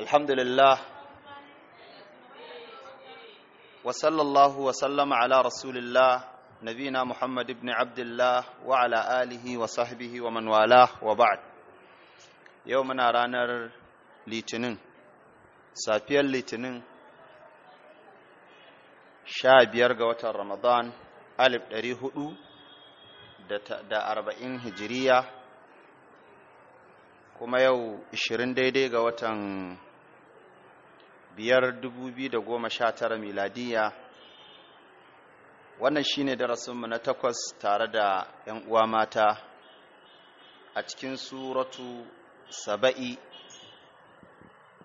alhamdulillah wa sallallahu wa sallama ala rasulillah nabina muhammad ibn abdullah wa ala alihi wa sahbihi wa man wala wa ba'd yau muna ranar litinin safiyar litinin sha biyar ga watan ramadan alif ɗari hudu da arba'in hijiriya kuma yau 20 daidai ga watan biyar dubu biyu da goma sha tara miladiya wannan shi shine darasinmu na takwas tare da 'yan uwa mata a cikin suratu saba'i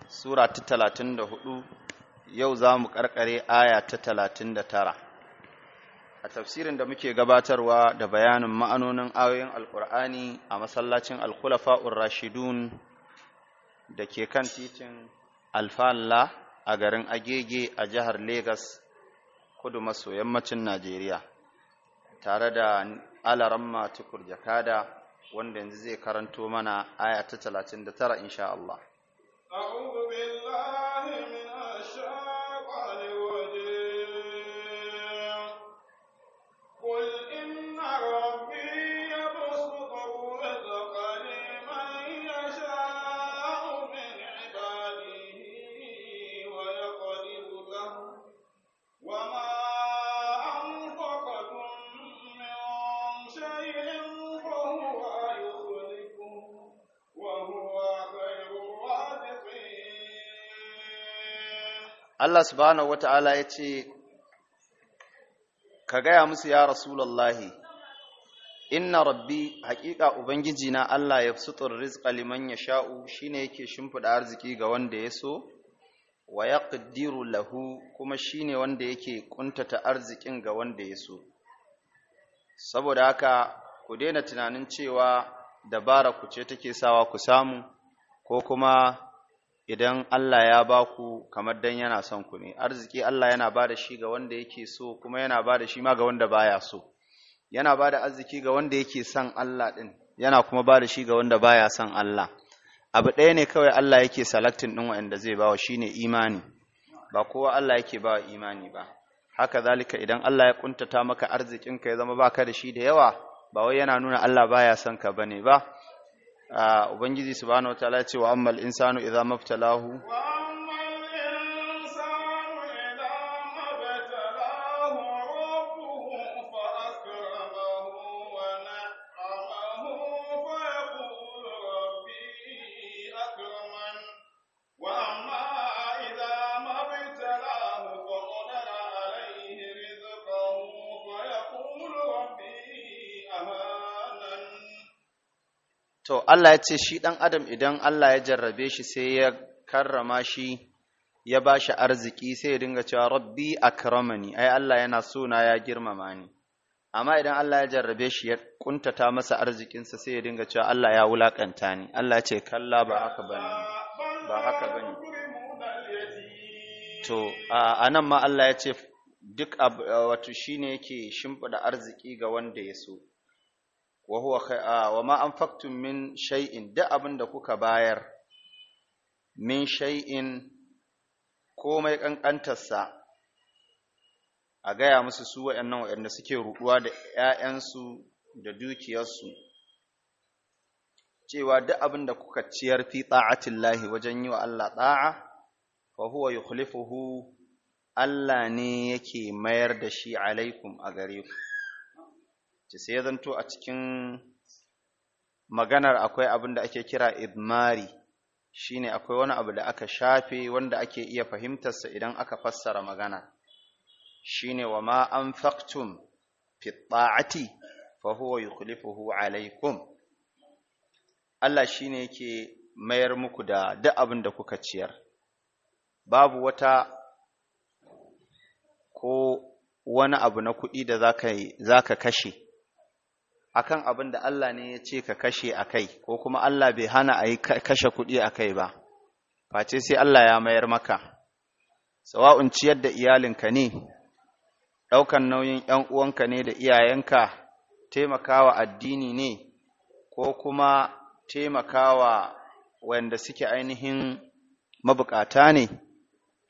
sura ta talatin da hudu yau za mu karkare aya ta talatin da tara a tafsirin da muke gabatarwa da bayanin ma'anonin ayoyin alkur'ani a masallacin alkhulafa'ur rashidun da ke kan titin alfalla a garin agege a jihar Legas kudu maso yammacin Najeriya tare da alaramma tukur jakada wanda yanzu zai karanto mana aya ta 39 insha Allah. Allah subhanahu wata'ala ya ce ka gaya musu ya rasulallahi inna rabbi haƙiƙa ubangiji na Allah ya sutur rizqa liman yasha'u shine yake shimfida arziki ga wanda ya so wa yaqdiru lahu kuma shine wanda yake ƙuntata arzikin ga wanda ya so saboda haka ku daina tunanin cewa dabara ku ce take sawa ku samu ko kuma idan Allah ya ba ku kamar dan yana son ku ne arziki Allah yana ba da shi ga wanda yake so kuma yana ba da shi ma ga wanda baya so yana ba da arziki ga wanda yake son Allah din yana kuma ba da shi ga wanda baya son Allah abu ɗaya ne kawai Allah yake salaktin ɗin wanda zai ba bawa shine imani ba kowa Allah yake bawa imani ba haka zalika idan Allah ya kuntata maka arzikinka ya zama baka da shi da yawa ba wai yana nuna Allah baya son ka bane ba Ah, ubangiji subhanahu wataala ya ce wa ammal insanu idza maftalahu Allah ya ce shi ɗan adam idan Allah ya jarrabe shi sai ya karrama shi ya ba shi arziki sai ya dinga cewa rabbi akramani ai Allah yana so ya girmama ni amma idan Allah ya jarrabe shi ya kuntata masa arzikinsa sai ya dinga cewa Allah ya wulakanta ni Allah ya ce kalla ba haka ba haka to a nan ma Allah ya ce duk wato shine yake shimfida arziki ga wanda ya so wa huwa wa ma anfaqtum min shay'in da abin da kuka bayar min shay'in komai kankantarsa a gaya musu su waɗannan waɗanda suke ruɗuwa da ‘ya'yansu da dukiyarsu cewa duk abin da kuka ciyar fi lahi wajen yi wa Allah ɗa'a fa huwa yukhlifuhu Allah ne yake mayar da shi alaikum a gare ku ce sai ya zanto a cikin maganar akwai abin da ake kira idmari shine akwai wani abu da aka shafe wanda ake iya fahimtarsa idan aka fassara magana shine wa ma anfaqtum fi ta'ati fa huwa yukhlifuhu alaykum Allah shine yake mayar muku da duk abin da kuka ciyar babu wata ko wani abu na kuɗi da zaka zaka kashe akan abin da Allah ne ya ce ka kashe a kai ko kuma Allah bai hana a yi kashe kuɗi a kai ba face sai Allah ya mayar maka sawa'un ciyar da iyalinka ne ɗaukan nauyin ‘yan uwanka ne da iyayenka taimakawa addini ne ko kuma taimakawa wanda suke ainihin mabukata ne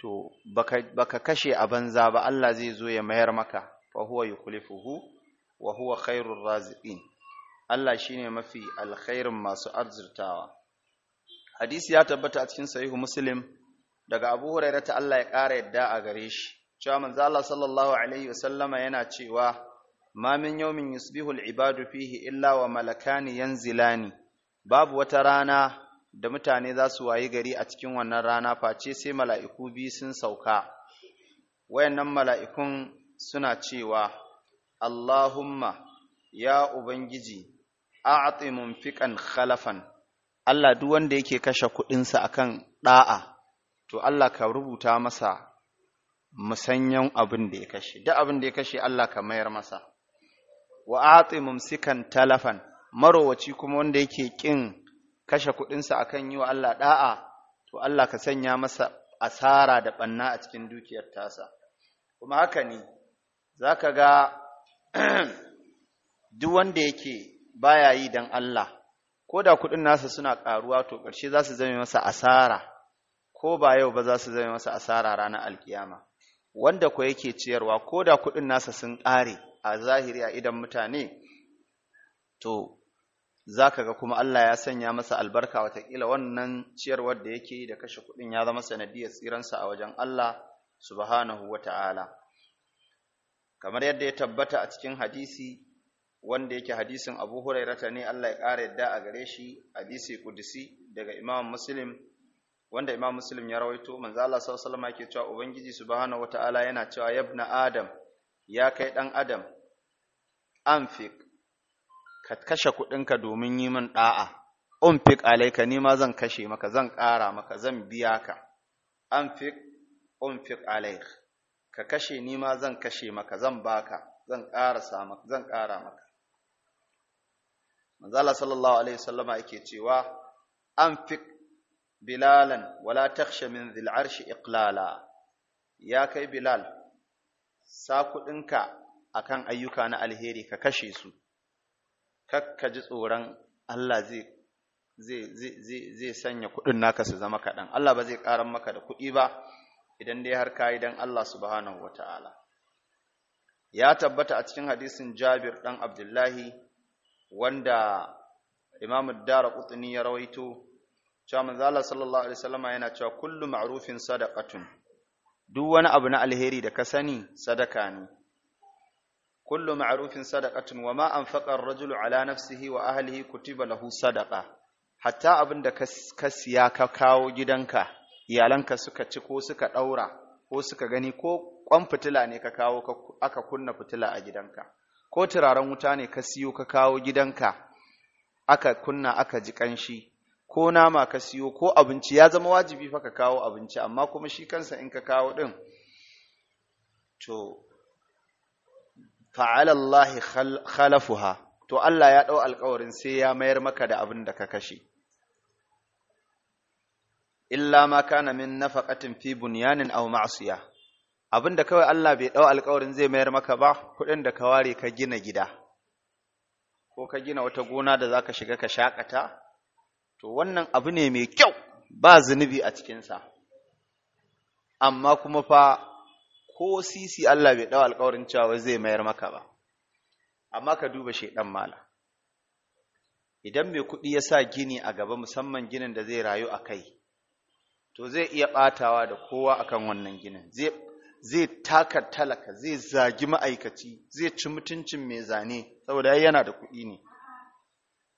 to baka, kashe a banza ba Allah zai zo ya mayar maka fa huwa kulifuhu. wa huwa khairur raziqin Allah shine mafi alkhairin masu arzurtawa hadisi ya tabbata a cikin sahihu muslim daga Abu Hurairah ta Allah ya kara yadda a gare shi cewa manzo Allah sallallahu alaihi wasallama yana cewa ma min yawmin yusbihu al-ibadu fihi illa wa malakani yanzilani babu wata rana da mutane za su wayi gari a cikin wannan rana face sai mala'iku biyu sun sauka wayannan mala'ikun suna cewa Allahumma ya Ubangiji mun munfiqan khalafan Allah duk wanda yake kashe kuɗinsa akan ɗa'a to Allah ka rubuta masa musanyan abin da ya kashe duk abin da ya kashe Allah ka mayar masa wa mun sikan talafan marowaci kuma wanda yake kin kashe kuɗinsa akan yi wa Allah ɗa'a to Allah ka sanya masa asara da ɓanna a cikin dukiyar tasa kuma haka ne za ka ga duk wanda yake baya yi dan Allah ko da kuɗin nasa suna ƙaruwa to ƙarshe za su zame masa asara ko ba yau ba za su zame masa asara ranar alkiyama wanda ko yake ciyarwa ko da kuɗin nasa sun ƙare a zahiri a idan mutane to za ka ga kuma Allah ya sanya masa albarka watakila wannan ciyarwar da yake yi da kashe kuɗin ya zama sanadiyar tsiransa a wajen Allah subhanahu wa kamar yadda ya tabbata a cikin hadisi wanda yake hadisin Abu Hurairata ne Allah ya ƙara yadda a gare shi hadisi kudisi daga Imam Muslim wanda Imam Muslim ya rawaito manzo Allah sallallahu alaihi wasallam yake cewa ubangiji subhanahu wataala yana cewa yabna adam ya kai ɗan adam anfiq ka kashe kuɗinka domin yi min da'a unfiq alayka ni ma zan kashe maka zan ƙara maka zan biya ka anfiq unfiq alayka ka kashe ni ma zan kashe maka zan baka zan ƙarasa maka zan ƙara maka manzala sallallahu alaihi wasallama yake cewa anfiq bilalan wala takhsha min dhil arshi iqlala ya kai bilal sa kudinka akan ayyuka na alheri ka kashe su kakka ji tsoron Allah zai zai zai zai sanya kudin naka su zama kaɗan Allah ba zai ƙara maka da kuɗi ba idan dai har kayi dan Allah subhanahu wataala ya tabbata a cikin hadisin Jabir dan Abdullahi wanda Imam Ad-Darqutni ya rawaito cewa manzala sallallahu alaihi wasallama yana cewa kullu ma'rufin sadaqatun duk wani abu na alheri da ka sani sadaka ne kullu ma'rufin sadaqatun wa ma anfaqa ar-rajulu ala nafsihi wa ahlihi kutiba lahu sadaqa hatta abin da ka siya ka kawo gidanka iyalanka suka ci ko suka ɗaura ko suka gani ko ƙwan fitila ne ka kawo aka kunna fitila a gidanka ko turaren wuta ne ka siyo ka kawo gidanka aka kunna aka ji ƙanshi ko nama ka siyo ko abinci ya zama wajibi fa ka kawo abinci amma kuma shi kansa in ka kawo ɗin to fa'alallahi khalafuha to Allah ya ɗau alkawarin sai ya mayar maka da abin da ka kashe illa ma kana min nafaqatin fi bunyanin aw ma'siya abinda kawai Allah bai dau alƙawarin zai mayar maka ba kuɗin da ka ware ka gina gida ko ka gina wata gona da zaka shiga ka shakata to wannan abu ne mai kyau ba zunubi a cikin sa amma kuma fa ko sisi Allah bai dau alƙawarin cewa zai mayar maka ba amma ka duba shedan mala idan mai kuɗi ya sa gini a gaba musamman ginin da zai rayu a kai to zai iya ɓatawa da kowa akan wannan ginin zai taka talaka zai zagi ma'aikaci zai ci mutuncin mai zane saboda yana da kuɗi ne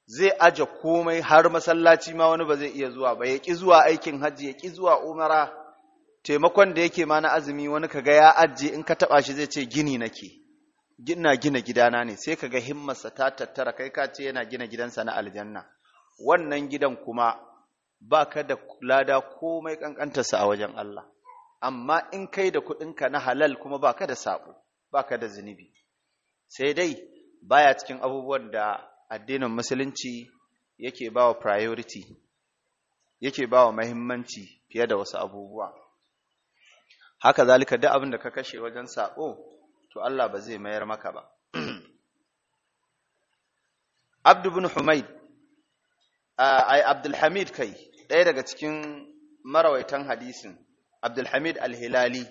zai aje komai har masallaci ma wani ba zai iya zuwa ba ya ƙi zuwa aikin hajji ya ƙi zuwa umara taimakon da yake ma na azumi wani kaga ya ajiye in ka taɓa shi zai ce gini nake gina gina gidana ne sai kaga himmarsa ta tattara kai ka ce yana gina gidansa na aljanna wannan gidan kuma ba ka da lada komai ƙanƙantarsa a wajen Allah, amma in kai da kuɗinka na halal kuma ba ka da saƙo, ba ka da zunubi. Sai dai baya cikin abubuwan da addinin Musulunci yake ba wa priority, yake ba wa mahimmanci fiye da wasu abubuwa. Haka zalika duk abin da ka kashe wajen saƙo, to Allah ba zai mayar maka ba. Abdu bin Humaid ai Abdulhamid kai ɗaya daga cikin marawaitan hadisin Abdulhamid al-Hilali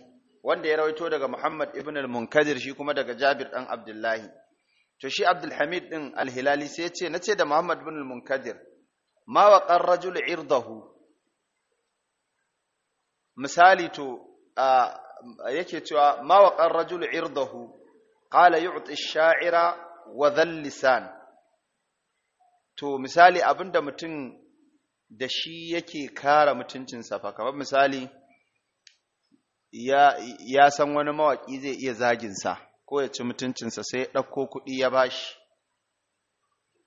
wanda ya rawaito daga Muhammad ibn al-Munkadir shi kuma daga Jabir dan Abdullahi to shi Abdulhamid din al-Hilali sai ya ce nace da Muhammad ibn al-Munkadir ma waqar rajul irdahu misali to yake cewa ma waqar rajul irdahu qala yu'ti ash-sha'ira wa dhal lisan to misali abin da mutum da shi yake kara mutuncinsa fa kamar misali ya, san wani mawaƙi zai iya zaginsa ko ya ci mutuncinsa sai ya ɗauko kuɗi ya bashi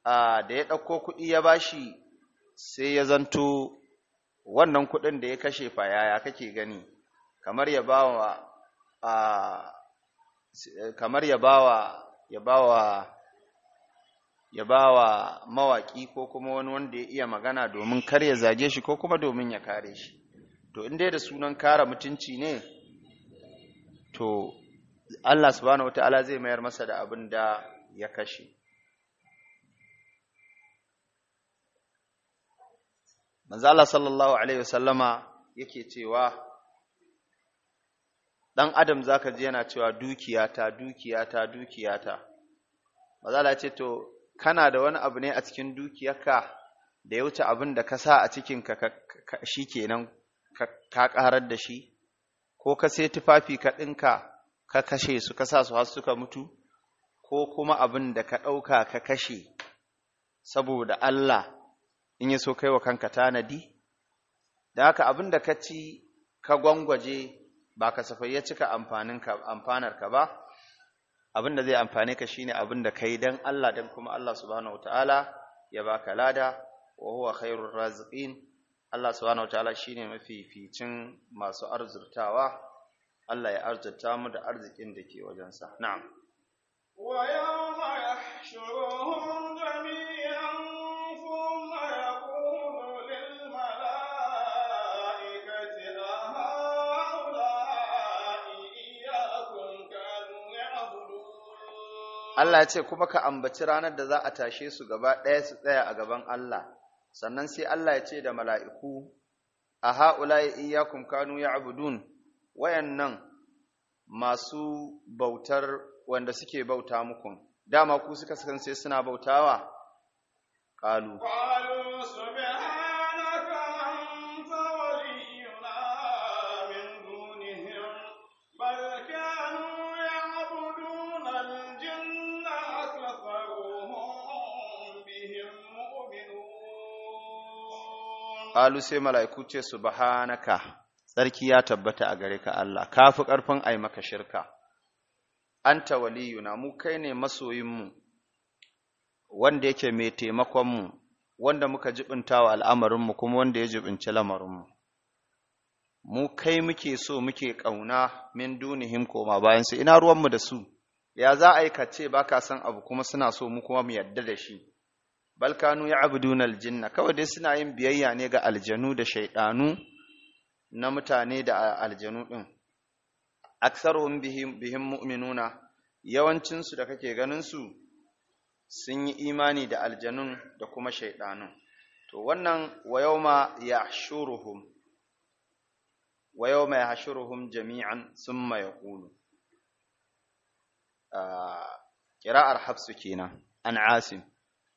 a da ya ɗauko kuɗi ya bashi sai ya zanto wannan kuɗin da ya kashe fa yaya kake gani kamar ya bawa a kamar ya bawa ya bawa ya ba wa mawaƙi ko kuma wani wanda ya iya magana domin kar ya zage shi ko kuma domin ya kare shi to in da sunan kara mutunci ne to Allah subhanahu wata'ala zai mayar masa da abin da ya kashe manzala sallallahu alaihi wasallama yake cewa dan adam zaka ji yana cewa dukiyata dukiyata dukiyata manzala ce to kana da wani abu ne a cikin dukiyarka da ya wuce abin da ka sa a cikinka shi kenan ka ƙarar da shi ko ka sai tufafi ka ɗinka ka kashe su ka sa su har suka mutu ko kuma abin da ka ɗauka ka kashe saboda Allah in ya so kai wa kanka tanadi da haka abin da ka ci ka gwangwaje ba kasafai ya cika amfanarka ba abin da zai amfane ka shine abin da kai dan Allah dan kuma Allah subhanahu wataala ya baka lada wa huwa khairur raziqin Allah subhanahu wataala shine mafificin masu arzurtawa Allah ya arzurta mu da arzikin da ke wajensa na'am wa yawma yahshuruhum Allah ya ce kuma ka ambaci ranar da za a tashe su gaba ɗaya su tsaya a gaban Allah sannan sai Allah ya ce da mala'iku a ha'ula'i iyyakum kanu abudun wayannan masu bautar wanda suke bauta muku dama ku suka san sai suna bautawa ƙalu qalu sai mala'iku ce subhanaka tsarki ya tabbata a gare ka Allah kafi a ai maka shirka anta waliyuna mu kai ne masoyinmu. wanda yake mai taimakonmu wanda muka jibinta wa al'amarinmu kuma wanda ya jibinci lamarinmu. mu kai muke so muke ƙauna min dunihim koma bayan ina ruwanmu da su ya za a yi ka ce ka san abu kuma suna so mu kuma mu yadda da shi bal kanu ya'buduna aljinna kawai dai suna yin biyayya ne ga aljanu da Shaidanu na mutane da aljanu din aksar bihim bihim mu'minuna yawancinsu da kake ganin su sun yi imani da aljanun da kuma Shaidanu. to wannan wa yawma yahshuruhum wa yawma yahshuruhum jami'an thumma yaqulu ah, qira'ar hafsu kenan an asim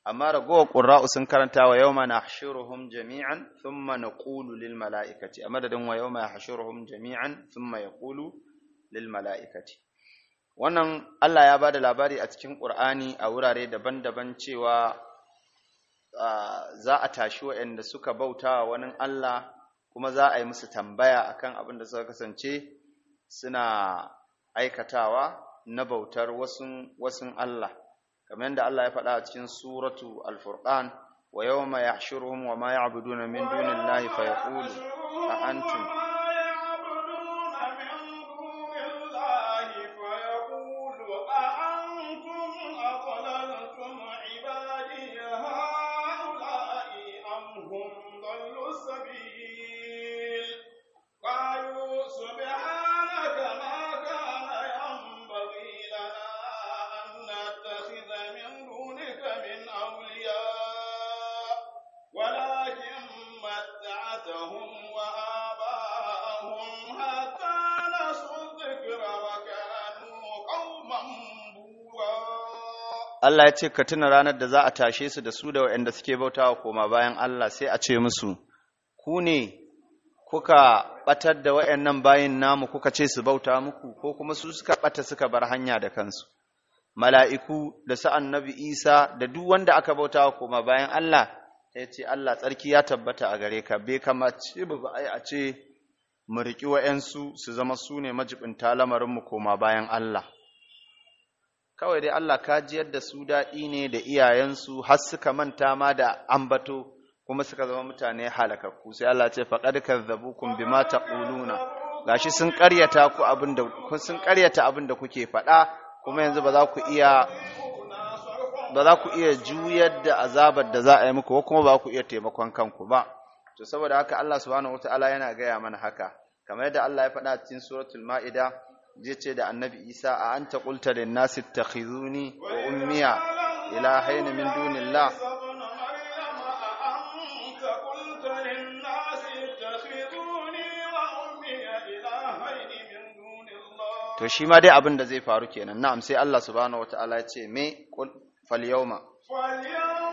amma ragowar ƙura'u sun karanta wa yau mana hashiruhun jami'an sun mana ƙulu lil mala'ikati a madadin wa yau mana hashiruhun jami'an sun mana ƙulu lil mala'ikati wannan Allah ya ba da labari a cikin ƙur'ani a wurare daban-daban cewa za a tashi waɗanda suka bauta wa wani Allah kuma za a yi musu tambaya akan abin da suka kasance suna aikatawa na bautar wasun Allah kamar yadda Allah ya faɗa a cikin suratu al-furqan wa yawma yahshuruhum wa ma ya'buduna min dunillahi fa yaqulu a Allah ya ce ka tuna ranar da za a tashe su da su da waɗanda suke bauta wa koma bayan Allah sai a ce musu ku ne kuka batar da waɗannan bayin namu kuka ce su bauta muku ko kuma su suka bata suka bar hanya da kansu mala'iku da sa'an nabi Isa da duk wanda aka bautawa koma bayan Allah ya ce Allah tsarki ya tabbata a gare ka bai ce ba ba a ce mu riƙi wa'yansu su zama su ne majibin lamarinmu koma bayan Allah kawai dai Allah ka jiyar da su daɗi ne da iyayensu har suka manta ma da ambato kuma suka zama mutane halakakku sai Allah ce faqad kadzabukum bima taquluna gashi sun ƙaryata ku abinda da sun ƙaryata abinda kuke faɗa kuma yanzu ba za ku iya ba za ku iya juyar da azabar da za a yi muku kuma ba ku iya taimakon kanku ba to saboda haka Allah subhanahu wataala yana gaya mana haka kamar yadda Allah ya faɗa cikin suratul ma'ida zai ce da annabi isa a an ta ƙulta da nasi ta khizuni wa ummiya ilahaini min dunillah to shi ma dai abin da zai faru kenan na'am sai Allah subhanahu wata'ala ya ce me fal yawma fal yawma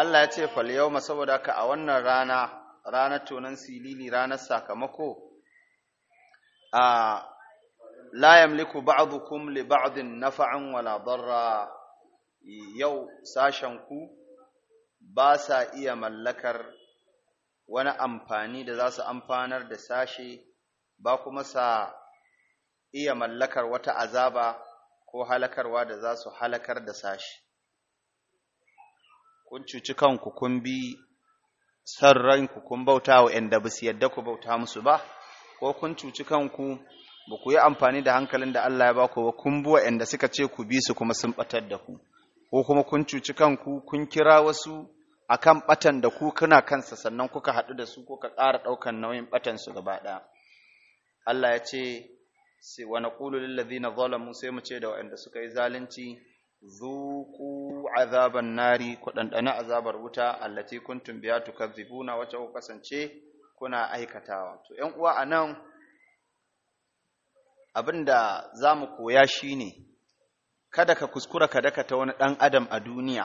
Allah ya ce fal yawma saboda ka a wannan rana ranar tonan silili ranar sakamako a la yamliku ba'dukum li ba'din nafa'an wala darra yau sashen ku ba sa iya mallakar wani amfani da za su amfanar da sashe ba kuma sa iya mallakar wata azaba ko halakarwa da za su halakar da sashe. kun cuci kanku kun bi san ranku kun bauta wa ‘yan da ba su yadda ku bauta musu ba, ko kun cuci kanku ba ku yi amfani da hankalin da Allah ya ba ku ba kun buwa ‘yan da suka ce ku bi su kuma sun batar da ku, ko kuma kun cuci kanku kun kira wasu akan batan da ku kuna kansa sannan kuka haɗu da su Ko ka kara ɗaukan nauyin ɓatan su gaba ɗaya. Allah ya ce, Wa na ƙulu lillazi na zalamu sai mu ce da wa'anda suka yi zalunci zuku azaban nari ku ɗanɗana azabar wuta allati kuntum biya tukazzibuna wacce ku kasance kuna aikatawa to uwa anan abinda zamu koya shine kada ka kuskura ka dakata wani ɗan adam a duniya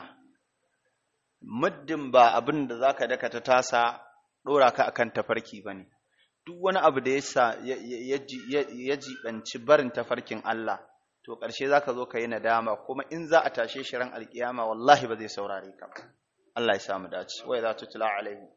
muddin ba abinda da zaka dakata tasa ɗora ka akan tafarki bane duk wani abu da ya jibanci barin tafarkin Allah to ƙarshe za ka zo ka yi nadama kuma in za a tashe shi ran alƙiyama wallahi ba zai saurare ka Allah ya samu dace wai za ta tula alaihi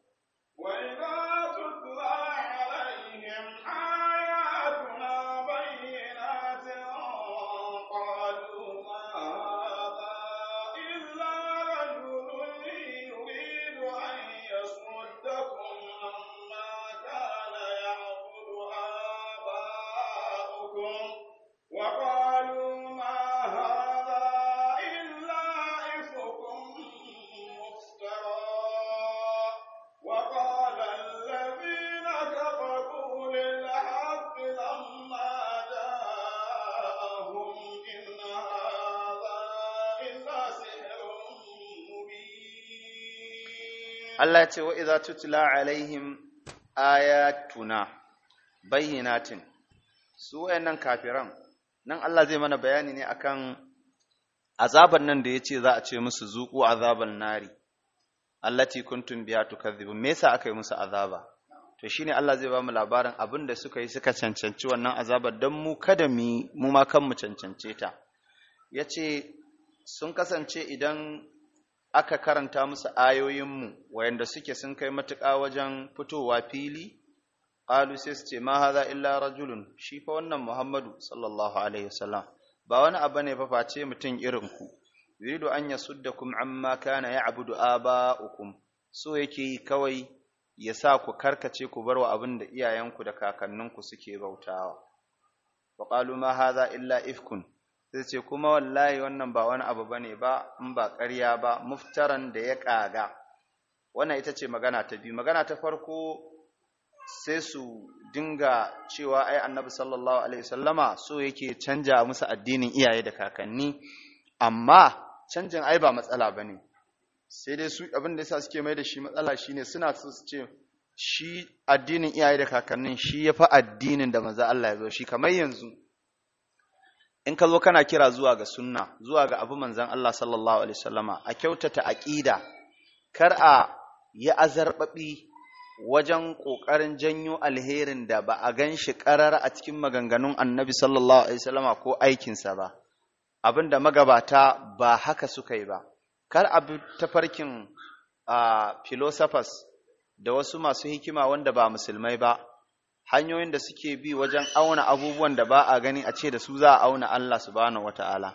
Allah ya ce wa iza tutla alaihim ayatuna bayyinatin su wayannan kafiran nan Allah zai mana bayani ne akan azaban nan da yace za a ce musu zuku azaban nari allati kuntum biha tukadhibun me yasa aka yi musu azaba to shine Allah zai ba mu labarin abin da suka yi suka cancanci wannan azabar dan mu kada mu mu ma kan mu cancance ta yace sun kasance idan aka karanta musu ayoyinmu wayanda suke sun kai matuƙa wajen fitowa fili ƙalu sai su ce ma illa rajulun shi fa wannan muhammadu sallallahu alaihi wasallam ba wani abu ne fa face mutum irin ku yuridu an yasuddakum amma kana ya'budu aba'ukum so yake yi kawai ya sa ku karkace ku barwa abin da iyayenku da kakanninku suke bautawa wa qalu ma illa ifkun sai ce kuma wallahi wannan ba wani abu bane ba in ba ƙarya ba muftaran da ya ƙaga wannan ita ce magana ta biyu magana ta farko sai su dinga cewa ai annabi sallallahu alaihi sallama so yake canja musu addinin iyaye da kakanni amma canjin ai ba matsala bane sai dai su abin da yasa suke mai da shi matsala shine suna so su ce shi addinin iyaye da kakannin shi yafi addinin da manzo Allah ya zo shi kamar yanzu in ka zo kana kira zuwa ga sunna zuwa ga abu manzan Allah sallallahu alaihi wasallama a kyautata aƙida kar a yi azarɓaɓi wajen ƙoƙarin janyo alherin da ba a gan shi ƙarar a cikin maganganun annabi sallallahu alaihi wasallama ko aikinsa ba abin da magabata ba haka suka yi ba kar a bi tafarkin a ah, philosophers da wasu masu hikima wanda ba musulmai ba hanyoyin da suke bi wajen auna abubuwan da ba a gani a ce da su za a auna Allah subhanahu wata'ala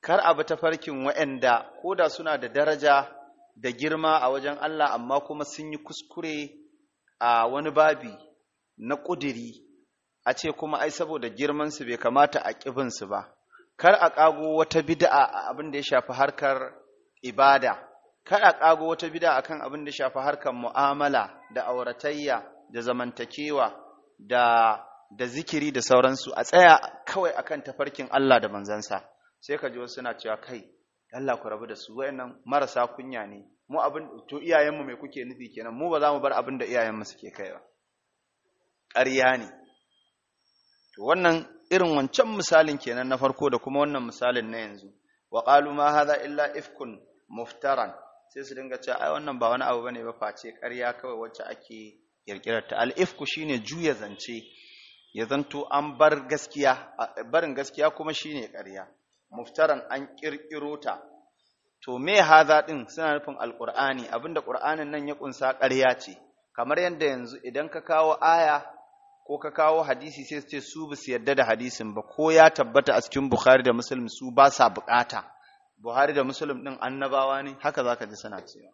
kar abu ta farkin wa'anda ko da suna da daraja da girma a wajen Allah amma kuma sun yi kuskure a wani babi na ƙudiri a ce kuma ai saboda girman su bai kamata a ƙibinsu ba kar a ƙago wata bid'a a abin da ya shafi harkar ibada kar a ƙago wata bid'a akan abin da ya shafi harkar mu'amala da auratayya da zamantakewa da da zikiri da sauransu a tsaya kawai akan tafarkin Allah da manzansa sai ka ji wasu suna cewa kai Allah ku rabu da su wayannan marasa kunya ne mu abin to iyayenmu mai kuke nufi kenan mu ba za mu bar abin da iyayenmu suke kai ba ƙarya ne to wannan irin wancan misalin kenan na farko da kuma wannan misalin na yanzu wa qalu ma hadha illa ifkun muftaran sai su dinga cewa ai wannan ba wani abu bane ba face ƙarya kawai wacce ake kirkirar ta al'ifku shine juya zance ya zanto an bar gaskiya barin gaskiya kuma shine ƙarya muftaran an kirkiro ta to me haza din suna nufin alqur'ani abinda ƙur'anin nan ya ƙunsa ƙarya ce kamar yadda yanzu idan ka kawo aya ko ka kawo hadisi sai su ce su su yarda da hadisin ba ko ya tabbata a cikin Bukhari da Muslim su ba sa bukata Buhari da Muslim din annabawa ne haka zaka ji suna cewa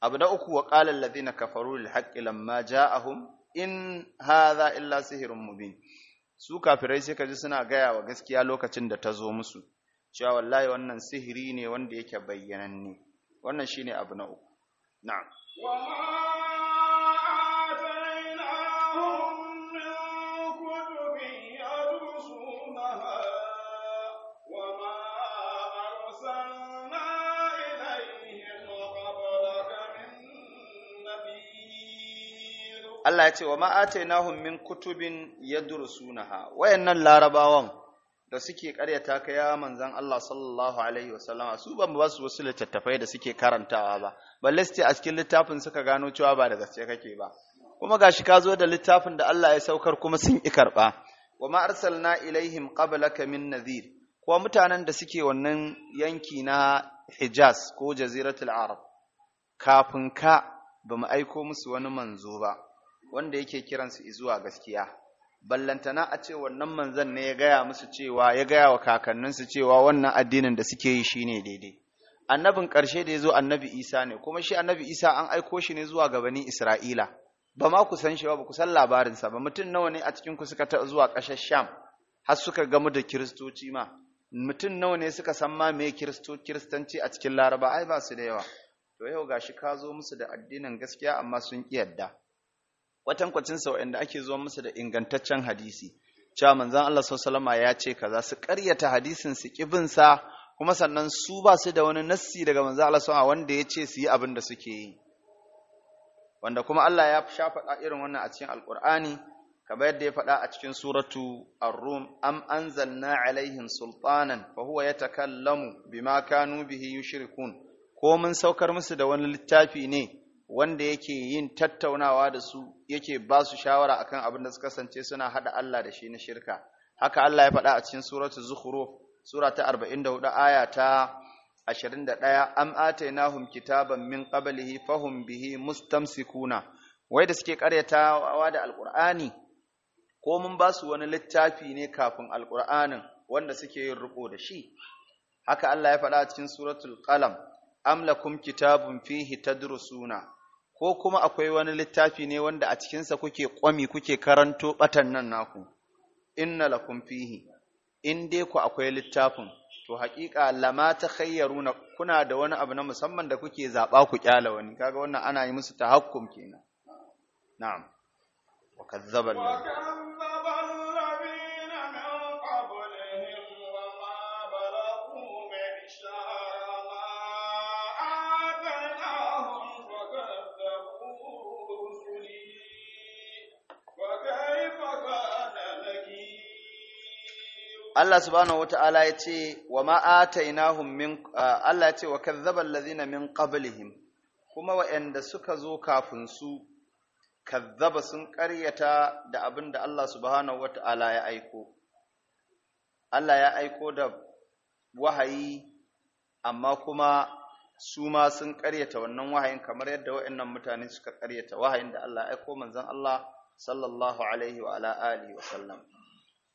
abu na uku wa qala alladhina kafaru lil haqqi lamma ja'ahum in hadha illa sihrun mubin su kafirai sai ji suna gaya wa gaskiya lokacin da ta zo musu cewa wallahi wannan sihiri ne wanda yake bayyananne wannan shine abu na uku na'am Allah ya ce wa na min kutubin yadrusunaha wayannan larabawan da suke karyata ka ya manzan Allah sallallahu alaihi wasallama su ban ba su wasu littattafai da suke karantawa ba balle su a cikin littafin suka gano cewa ba da gaske kake ba kuma gashi ka zo da littafin da Allah ya saukar kuma sun ki karɓa wa ma arsalna ilaihim qablaka min nadhir ko mutanen da suke wannan yanki na Hijaz ko jaziratul Arab kafin ka bamu aiko musu wani manzo ba wanda yake kiransu zuwa gaskiya ballantana a ce wannan manzan ne ya gaya musu cewa ya gaya wa kakanninsu cewa wannan addinin da suke yi shine daidai annabin ƙarshe da ya zo annabi isa ne kuma shi annabi isa an aiko shi ne zuwa gabanin isra'ila ba ma ku san shi ba ba ku san labarinsa ba mutum nawa ne a cikin ku suka taɓa zuwa ƙasar sham har suka gamu da kiristoci ma mutum nawa ne suka san ma me kiristanci a cikin laraba ai ba su da yawa to yau gashi ka zo musu da addinin gaskiya amma sun ƙi yadda kwatankwacin sau wanda ake zuwa musu da ingantaccen hadisi cewa manzon Allah sallallahu alaihi ya ce kaza su karyata hadisin su kibin kuma sannan su ba su da wani nassi daga manzon Allah sallallahu wanda ya ce su yi abin da suke yi wanda kuma Allah ya sha faɗa irin wannan a cikin alkur'ani kamar yadda ya faɗa a cikin suratu ar-rum am anzalna alaihim sultanan fa huwa yatakallamu bima kanu bihi yushrikun ko mun saukar musu da wani littafi ne wanda yake yin tattaunawa da su yake ba su shawara akan abin da su kasance suna hada Allah da shi na shirka haka Allah ya faɗa a cikin suratul zukhruf sura ta 44 aya ta 21 am atainahum kitaban min qablihi fahum bihi mustamsikuna wai da suke karyatawa da alqur'ani ko mun ba su wani littafi ne kafin alqur'anin wanda suke yin riko da shi haka Allah ya faɗa a cikin suratul qalam am lakum kitabun fihi tadrusuna ko kuma akwai wani littafi ne wanda a cikinsa kuke kwami kuke karanto batan nan naku inna lakum fihi in dai ku akwai littafin to haƙiƙa lama ta na kuna da wani abu na musamman da kuke zaɓa ku ƙyala wani kaga wannan ana yi musu ta haƙƙun kenan na'am wa ne. Allah subhanahu wata'ala ya ce wa ma'atainahum min Allah ya ce wa kadzdzaba allazina min qablihim kuma waɗanda suka zo kafin su kazzaba sun ƙaryata da abin da Allah subhanahu wata'ala ya aiko Allah ya aiko da wahayi amma kuma su ma sun ƙaryata wannan wahayin kamar yadda waɗannan mutane suka ƙaryata wahayin da Allah ya aiko manzon Allah sallallahu alaihi wa ala alihi wa sallam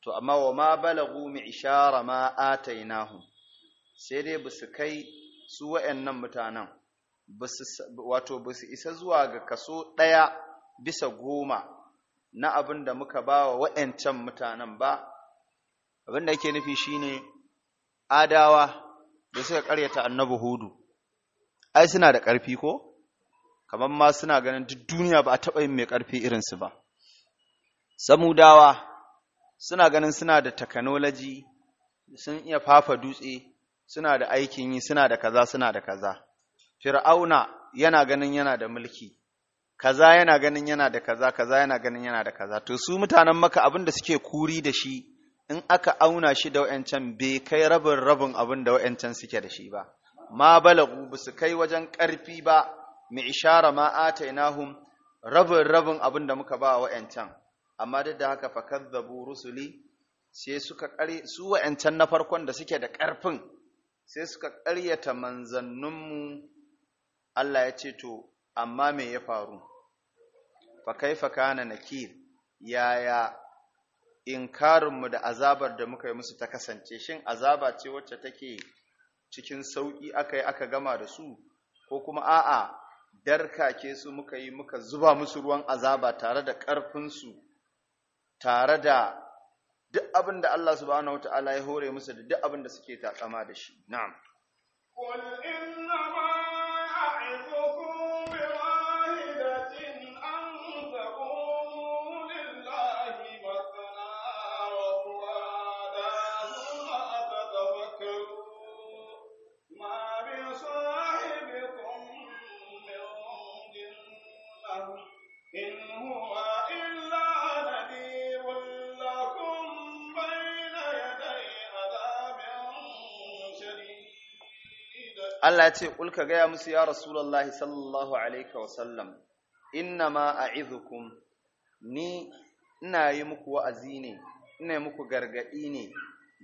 to amma wa ma balagu mi ishara ma atainahum sai dai basu kai su wayannan mutanen wato wato basu isa zuwa ga kaso ɗaya bisa goma na abin da muka ba wa wayancan mutanen ba abin da yake nufi shine adawa da suka karyata annabi hudu ai suna da ƙarfi ko kamar ma suna ganin duk duniya ba a taba yin mai ƙarfi irinsu ba samudawa suna ganin suna da technology sun iya fafa dutse suna da aikin yi suna da kaza suna da kaza fir'auna yana ganin yana da mulki kaza yana ganin yana da kaza kaza yana ganin yana da kaza to su mutanen maka abin da suke kuri da shi in aka auna shi da wa'ancan bai kai rabin rabin abin da wa'ancan suke da shi ba ma balagu ba su kai wajen karfi ba mi ishara ma atainahum rabin rabin abin da muka ba wa'ancan amma duk da haka fakazzabu rusuli sai suka kare su wa'ancan na farkon da suke da ƙarfin sai suka ƙaryata manzanninmu Allah ya ce to amma me ya faru fa kaifa kana nakir yaya inkarinmu da azabar da muka yi musu ta kasance shin azaba ce wacce take cikin sauƙi aka yi aka gama da su ko kuma a'a darkake su muka yi muka zuba musu ruwan azaba tare da ƙarfinsu tare da duk abin da Allah subhanahu wataala ya hore musu da duk abin da suke taƙama da shi na'am Allah ya ce kul ka gaya musu ya rasulullahi sallallahu alaihi wasallam inna ma a'idhukum ni ina yi muku wa'azi ne ina yi muku gargadi ne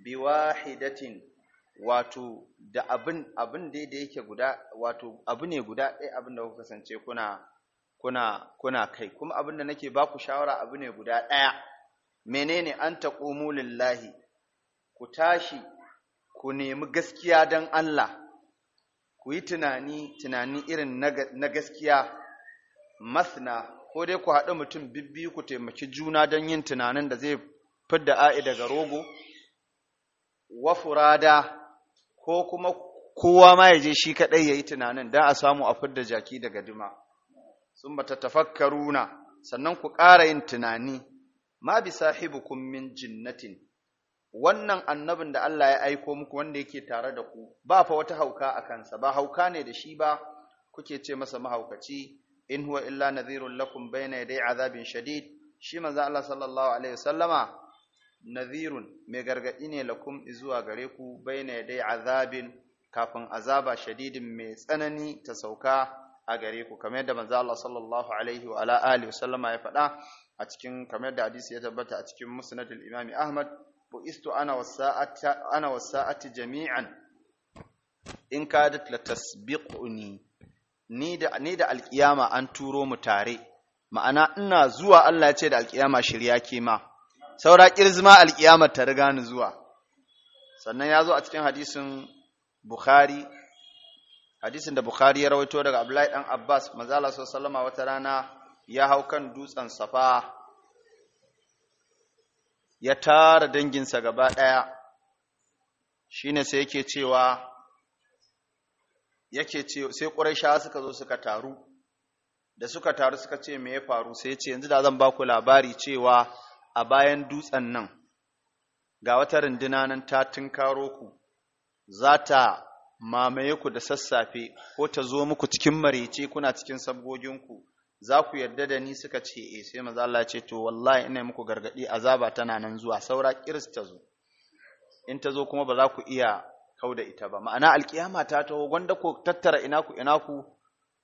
bi wahidatin wato da abin abin da yake guda wato abu ne guda ɗaya abin da kuka kasance kuna kuna kuna kai kuma abin da nake ba ku shawara abu ne guda ɗaya menene an taqumu lillahi ku tashi ku nemi gaskiya don Allah ku yi tunani tunani irin na gaskiya masna ko dai ku haɗu mutum bibbi ku taimaki juna don yin tunanin da zai fidda a'i daga rogo wa furada ko kuma kowa ma ya je shi kaɗai ya yi tunanin don a samu a fidda jaki daga dima sun ba ta tafakkaruna sannan ku ƙara yin tunani ma bi sahibukum min jinnatin wannan annabin da Allah ya aiko muku wanda yake tare da ku ba fa wata hauka a kansa ba hauka ne da shi ba kuke ce masa mahaukaci in huwa illa nadhirun lakum bayna yaday azabin shadid shi manzo Allah sallallahu alaihi wasallama nadhirun mai gargadi ne lakum zuwa gare ku bayna yaday azabin kafin azaba shadidin mai tsanani ta sauka a gare ku kamar yadda manzo Allah sallallahu alaihi wa alihi wasallama ya faɗa a cikin kamar da hadisi ya tabbata a cikin musnadul imami Ahmad bu'istu ana wasa'ati ana wasa'ati jami'an in kadat tasbiquni ni da ni da alkiyama an turo mu tare ma'ana ina zuwa Allah ya ce da alkiyama shirya ke ma saura kirzma alkiyama ta riga ni zuwa sannan ya zo a cikin hadisin Bukhari hadisin da Bukhari ya rawaito daga Abdullahi dan Abbas manzo Allah sallallahu alaihi wata rana ya hau kan dutsen Safa ya tara danginsa gaba ɗaya Shi ne sai yake cewa yake ce sai suka zo suka taru da suka taru suka ce me ya faru sai ce yanzu da zan ba ku labari cewa a bayan dutsen nan ga wata rundina nan ta tunkaro ku za ta mamaye ku da sassafe ko ta zo muku cikin marece kuna cikin sabgoginku za ku yarda da ni suka ce eh sai manzo Allah ce to wallahi ina muku gargadi azaba tana nan zuwa saura kiris ta zo in ta zo kuma ba za ku iya kau da ita ba ma'ana alkiyama ta taho gwanda ku tattara ina ku ina ku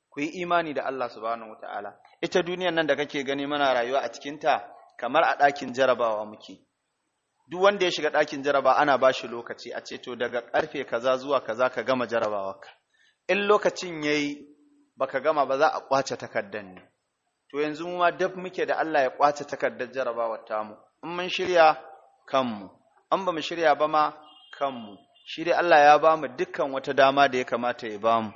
ku yi imani da Allah subhanahu wataala ita duniyar nan da kake gani muna rayuwa a cikin ta kamar a ɗakin jarabawa muke duk wanda ya shiga ɗakin jaraba ana ba shi lokaci a ce to daga karfe kaza zuwa kaza ka gama jarabawa ka in lokacin yayi baka gama ba za a kwace takardar ne to yanzu mu ma dab muke da Allah ya kwace takardar jarabawar tamu in mun shirya kanmu an ba mu shirya ba ma kanmu shi dai Allah ya ba mu dukkan wata dama da ya kamata ya ba mu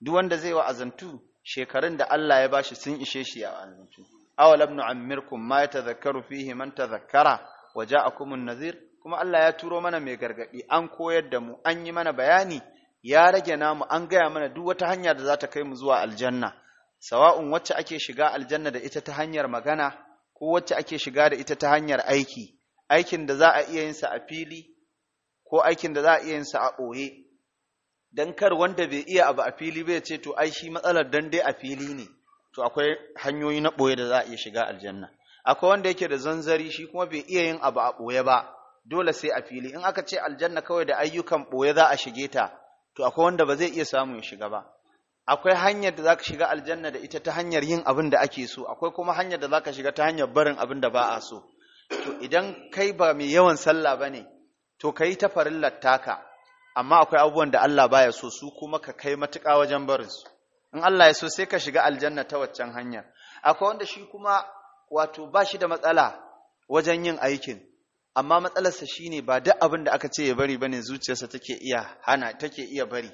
duk wanda zai wa azantu shekarun da Allah ya bashi sun ishe shi a azantu awalam nu'ammirkum ma yatadhakkaru fihi man tadhakkara wa ja'akumun nadhir kuma Allah ya turo mana mai gargadi an koyar da mu an yi mana bayani ya rage namu an gaya mana duk wata hanya da za ta kai mu zuwa aljanna sawa'un wacce ake shiga aljanna da ita ta hanyar magana ko wacce ake shiga da ita ta hanyar aiki aikin da za a iya yin sa a fili ko aikin da za a iya yin sa a ɓoye dan kar wanda bai iya abu a fili bai ce to ai shi matsalar dan dai a fili ne to akwai hanyoyi na ɓoye da za a iya shiga aljanna akwai wanda yake da zanzari shi kuma bai iya yin abu a ɓoye ba dole sai a fili in aka ce aljanna kawai da ayyukan ɓoye za a shige ta to akwai wanda ba zai iya samu ya shiga ba akwai hanyar da zaka shiga aljanna da ita ta hanyar yin abin da ake so akwai kuma hanyar da zaka shiga ta hanyar barin abin da ba a so to idan kai ba mai yawan sallah bane to kai ta farin lattaka. amma akwai abubuwan da Allah baya so su kuma ka kai matuƙa wajen barin su in Allah ya so sai ka shiga aljanna ta waccan hanyar akwai wanda shi kuma wato ba shi da matsala wajen yin aikin amma matsalarsa shine ba duk abin da aka ce ya bari bane zuciyarsa take iya hana take iya bari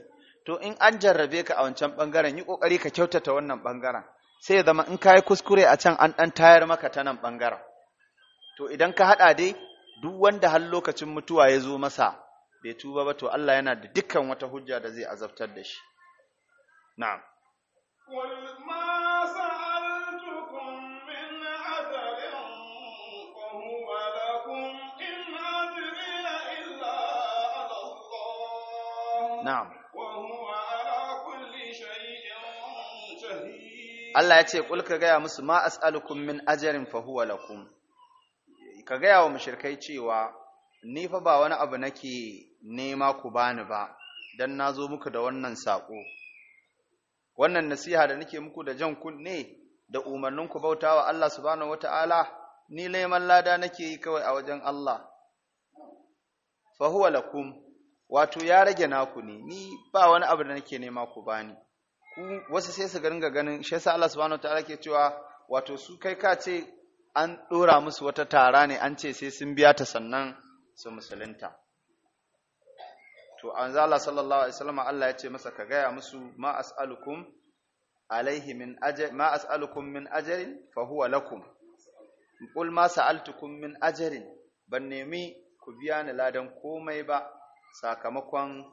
to in an jarrabe ka a wancan bangaren yi kokari ka kyautata wannan bangaren sai ya zama in kai kuskure a can an dan tayar maka ta nan bangaren to idan ka haɗa dai duk wanda har lokacin mutuwa ya zo masa bai tuba ba to Allah yana da dukkan wata hujja da zai azabtar da shi na'am na'am Allah ya ce kul ka gaya musu ma as'alukum min ajrin fa huwa lakum ka gaya wa mushrikai cewa ni fa ba wani abu nake nema ku bani ba dan nazo muku da wannan sako wannan nasiha da nake muku da jan kunne da umarnin ku bautawa Allah subhanahu wataala ni laiman lada nake yi kawai a wajen Allah fa huwa lakum wato ya rage naku ne ni ba wani abu da nake nema ku bani ku wasu sai su ga ganin shi yasa Allah subhanahu wataala ke cewa wato su kai ka ce an dora musu wata tara ne an ce sai sun biya ta sannan su musulunta to anzo Allah sallallahu alaihi wasallam Allah ya ce masa ka gaya musu ma as'alukum alaihi min ajr ma as'alukum min ajrin fa huwa lakum qul ma sa'altukum min ajrin ban nemi ku biya ni ladan komai ba sakamakon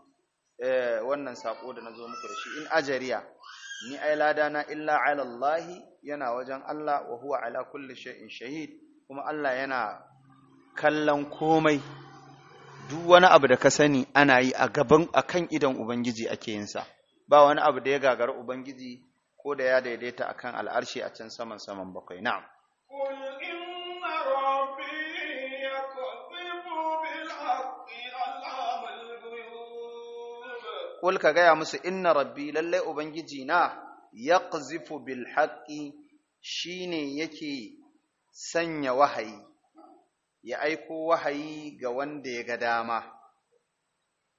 eh, wannan sako da nazo muku da shi in ajariya ni ai ladana illa ala Allah yana wajen Allah wa huwa ala kulli shay'in shahid kuma Allah yana kallon komai duk wani abu da ka sani ana yi a gaban akan idan ubangiji ake yin sa ba wani abu da ya gagara ubangiji ko da ya daidaita akan al'arshi a can saman saman bakwai na'am kul ka gaya musu inna rabbi lallai ubangiji na yaqzifu bil haqqi shine yake sanya wahayi ya aiko wahayi ga wanda ya ga dama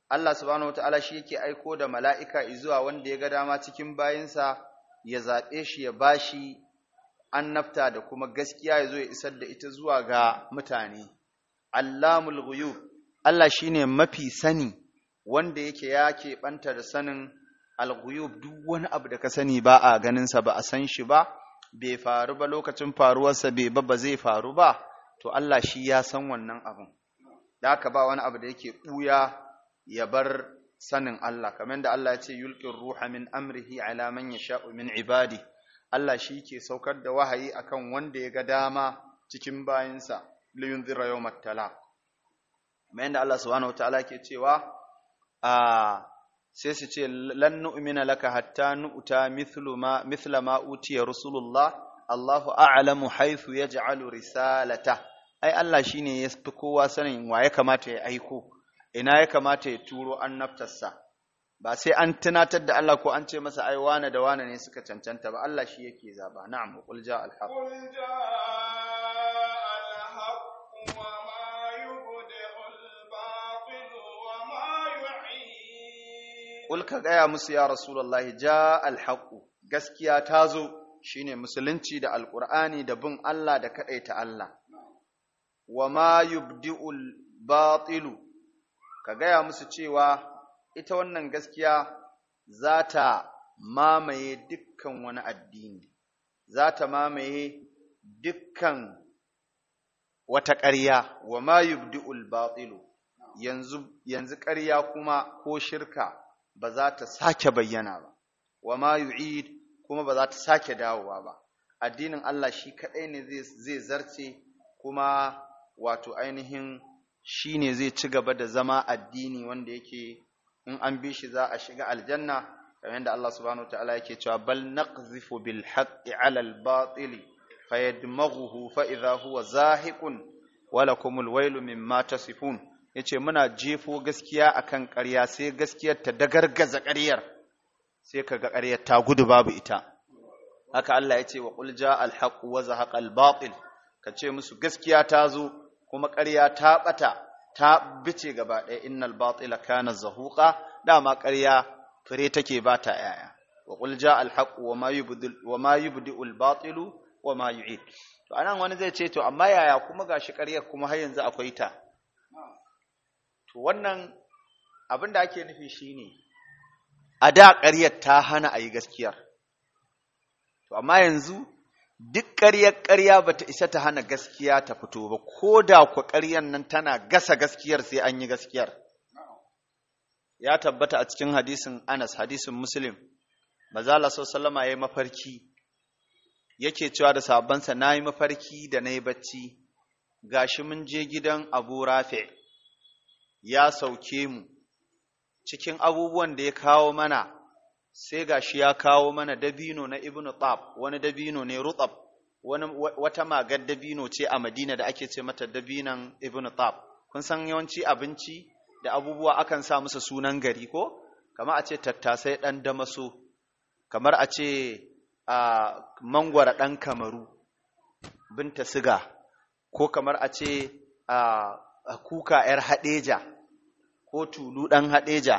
Allah subhanahu wataala shi yake aiko da mala'ika zuwa wanda ya ga dama cikin bayinsa ya zaɓe shi ya bashi annabta da kuma gaskiya ya zo ya isar da ita zuwa ga mutane. Allamul ghuyub Allah shine mafi sani wanda yake ya keɓanta da sanin alguyub duk wani abu da ka sani ba a ganinsa ba a san shi ba bai faru ba lokacin faruwarsa bai ba ba zai faru ba to Allah shi ya san wannan abin da ka ba wani abu da yake ɓuya ya bar sanin Allah kamar da Allah ya ce yulkin ruha min amrihi ala man yasha'u min ibadi Allah shi ke saukar da wahayi akan wanda ya ga dama cikin bayinsa liyunzira yawmat matala. kamar da Allah subhanahu wataala ke cewa Aa sai su ce lan umina laka hatta nu'ta mithlu ma'utiya mithla ma utiya rasulullah Allahu a'lamu haythu yaj'alu risalata ai Allah shine ya fi kowa sanin wa ya kamata ya aiko ina ya kamata ya turo annabtarsa ba sai an tunatar da Allah ko an ce masa ai wane da wane ne suka cancanta ba Allah shi yake zaba na'am qul ja'a al Kulka gaya musu ya Rasulullahi ja alhaƙu, gaskiya ta zo shi musulunci da alƙur'ani da bin Allah da kaɗaita Allah. Wa ma yubdi'ul batilu, ka gaya musu cewa ita wannan gaskiya za ta mamaye dukkan wani addini, za ta mamaye dukkan wata ƙarya, wa ma yubdi'ul batilu, yanzu ƙarya kuma ko shirka. ba za ta sake bayyana ba wa ma yu'id kuma ba za ta sake dawowa ba addinin Allah shi kadai ne zai zarce kuma wato ainihin shi ne zai ci gaba da zama addini wanda yake in an bi shi za a shiga aljanna kamar yadda Allah subhanahu wataala yake cewa bal naqzifu bil haqqi ala al batili fayadmaghuhu fa idha huwa zahiqun wa lakumul min mimma tasifun yace muna jefo gaskiya akan ƙarya sai gaskiyar ta dagargaza ƙaryar sai kaga ƙaryar ta gudu babu ita haka Allah yace wa qul jaa al wa kace musu gaskiya ta zo kuma ƙarya ta bata ta bice gaba ɗaya innal batila kana zahuqa dama ƙarya fure take ba ta yaya wa qul jaa wa ma yi wa ma batilu wa ma yu'id to anan wani zai ce to amma yaya kuma gashi ƙaryar kuma har yanzu akwai ta to wannan abin da ake nufi shi ne, a da ƙaryar ta hana a yi gaskiyar to amma yanzu duk ƙaryar ƙarya ba ta isa ta hana gaskiya ta fito ba ko da ku ƙaryar nan tana gasa gaskiyar sai an yi gaskiyar ya tabbata a cikin hadisin anas hadisin muslim mazala salama ya yi mafarki yake cewa da sabansa na yi mafarki da na yi bacci gashi mun je gidan abu rafi' ya sauke mu cikin abubuwan da ya kawo mana sai gashi ya kawo mana dabino na ibnu tab wani dabino ne rutab wani wata magar dabino ce a madina da ake ce mata dabinan ibnu tab kun san yawanci abinci da abubuwa akan sa musu sunan gari ko kamar a ce tattasai ɗan damaso kamar a ce a mangwara ɗan kamaru binta siga ko kamar a ce a kuka ‘yar haɗeja ko tulu ɗan haɗeja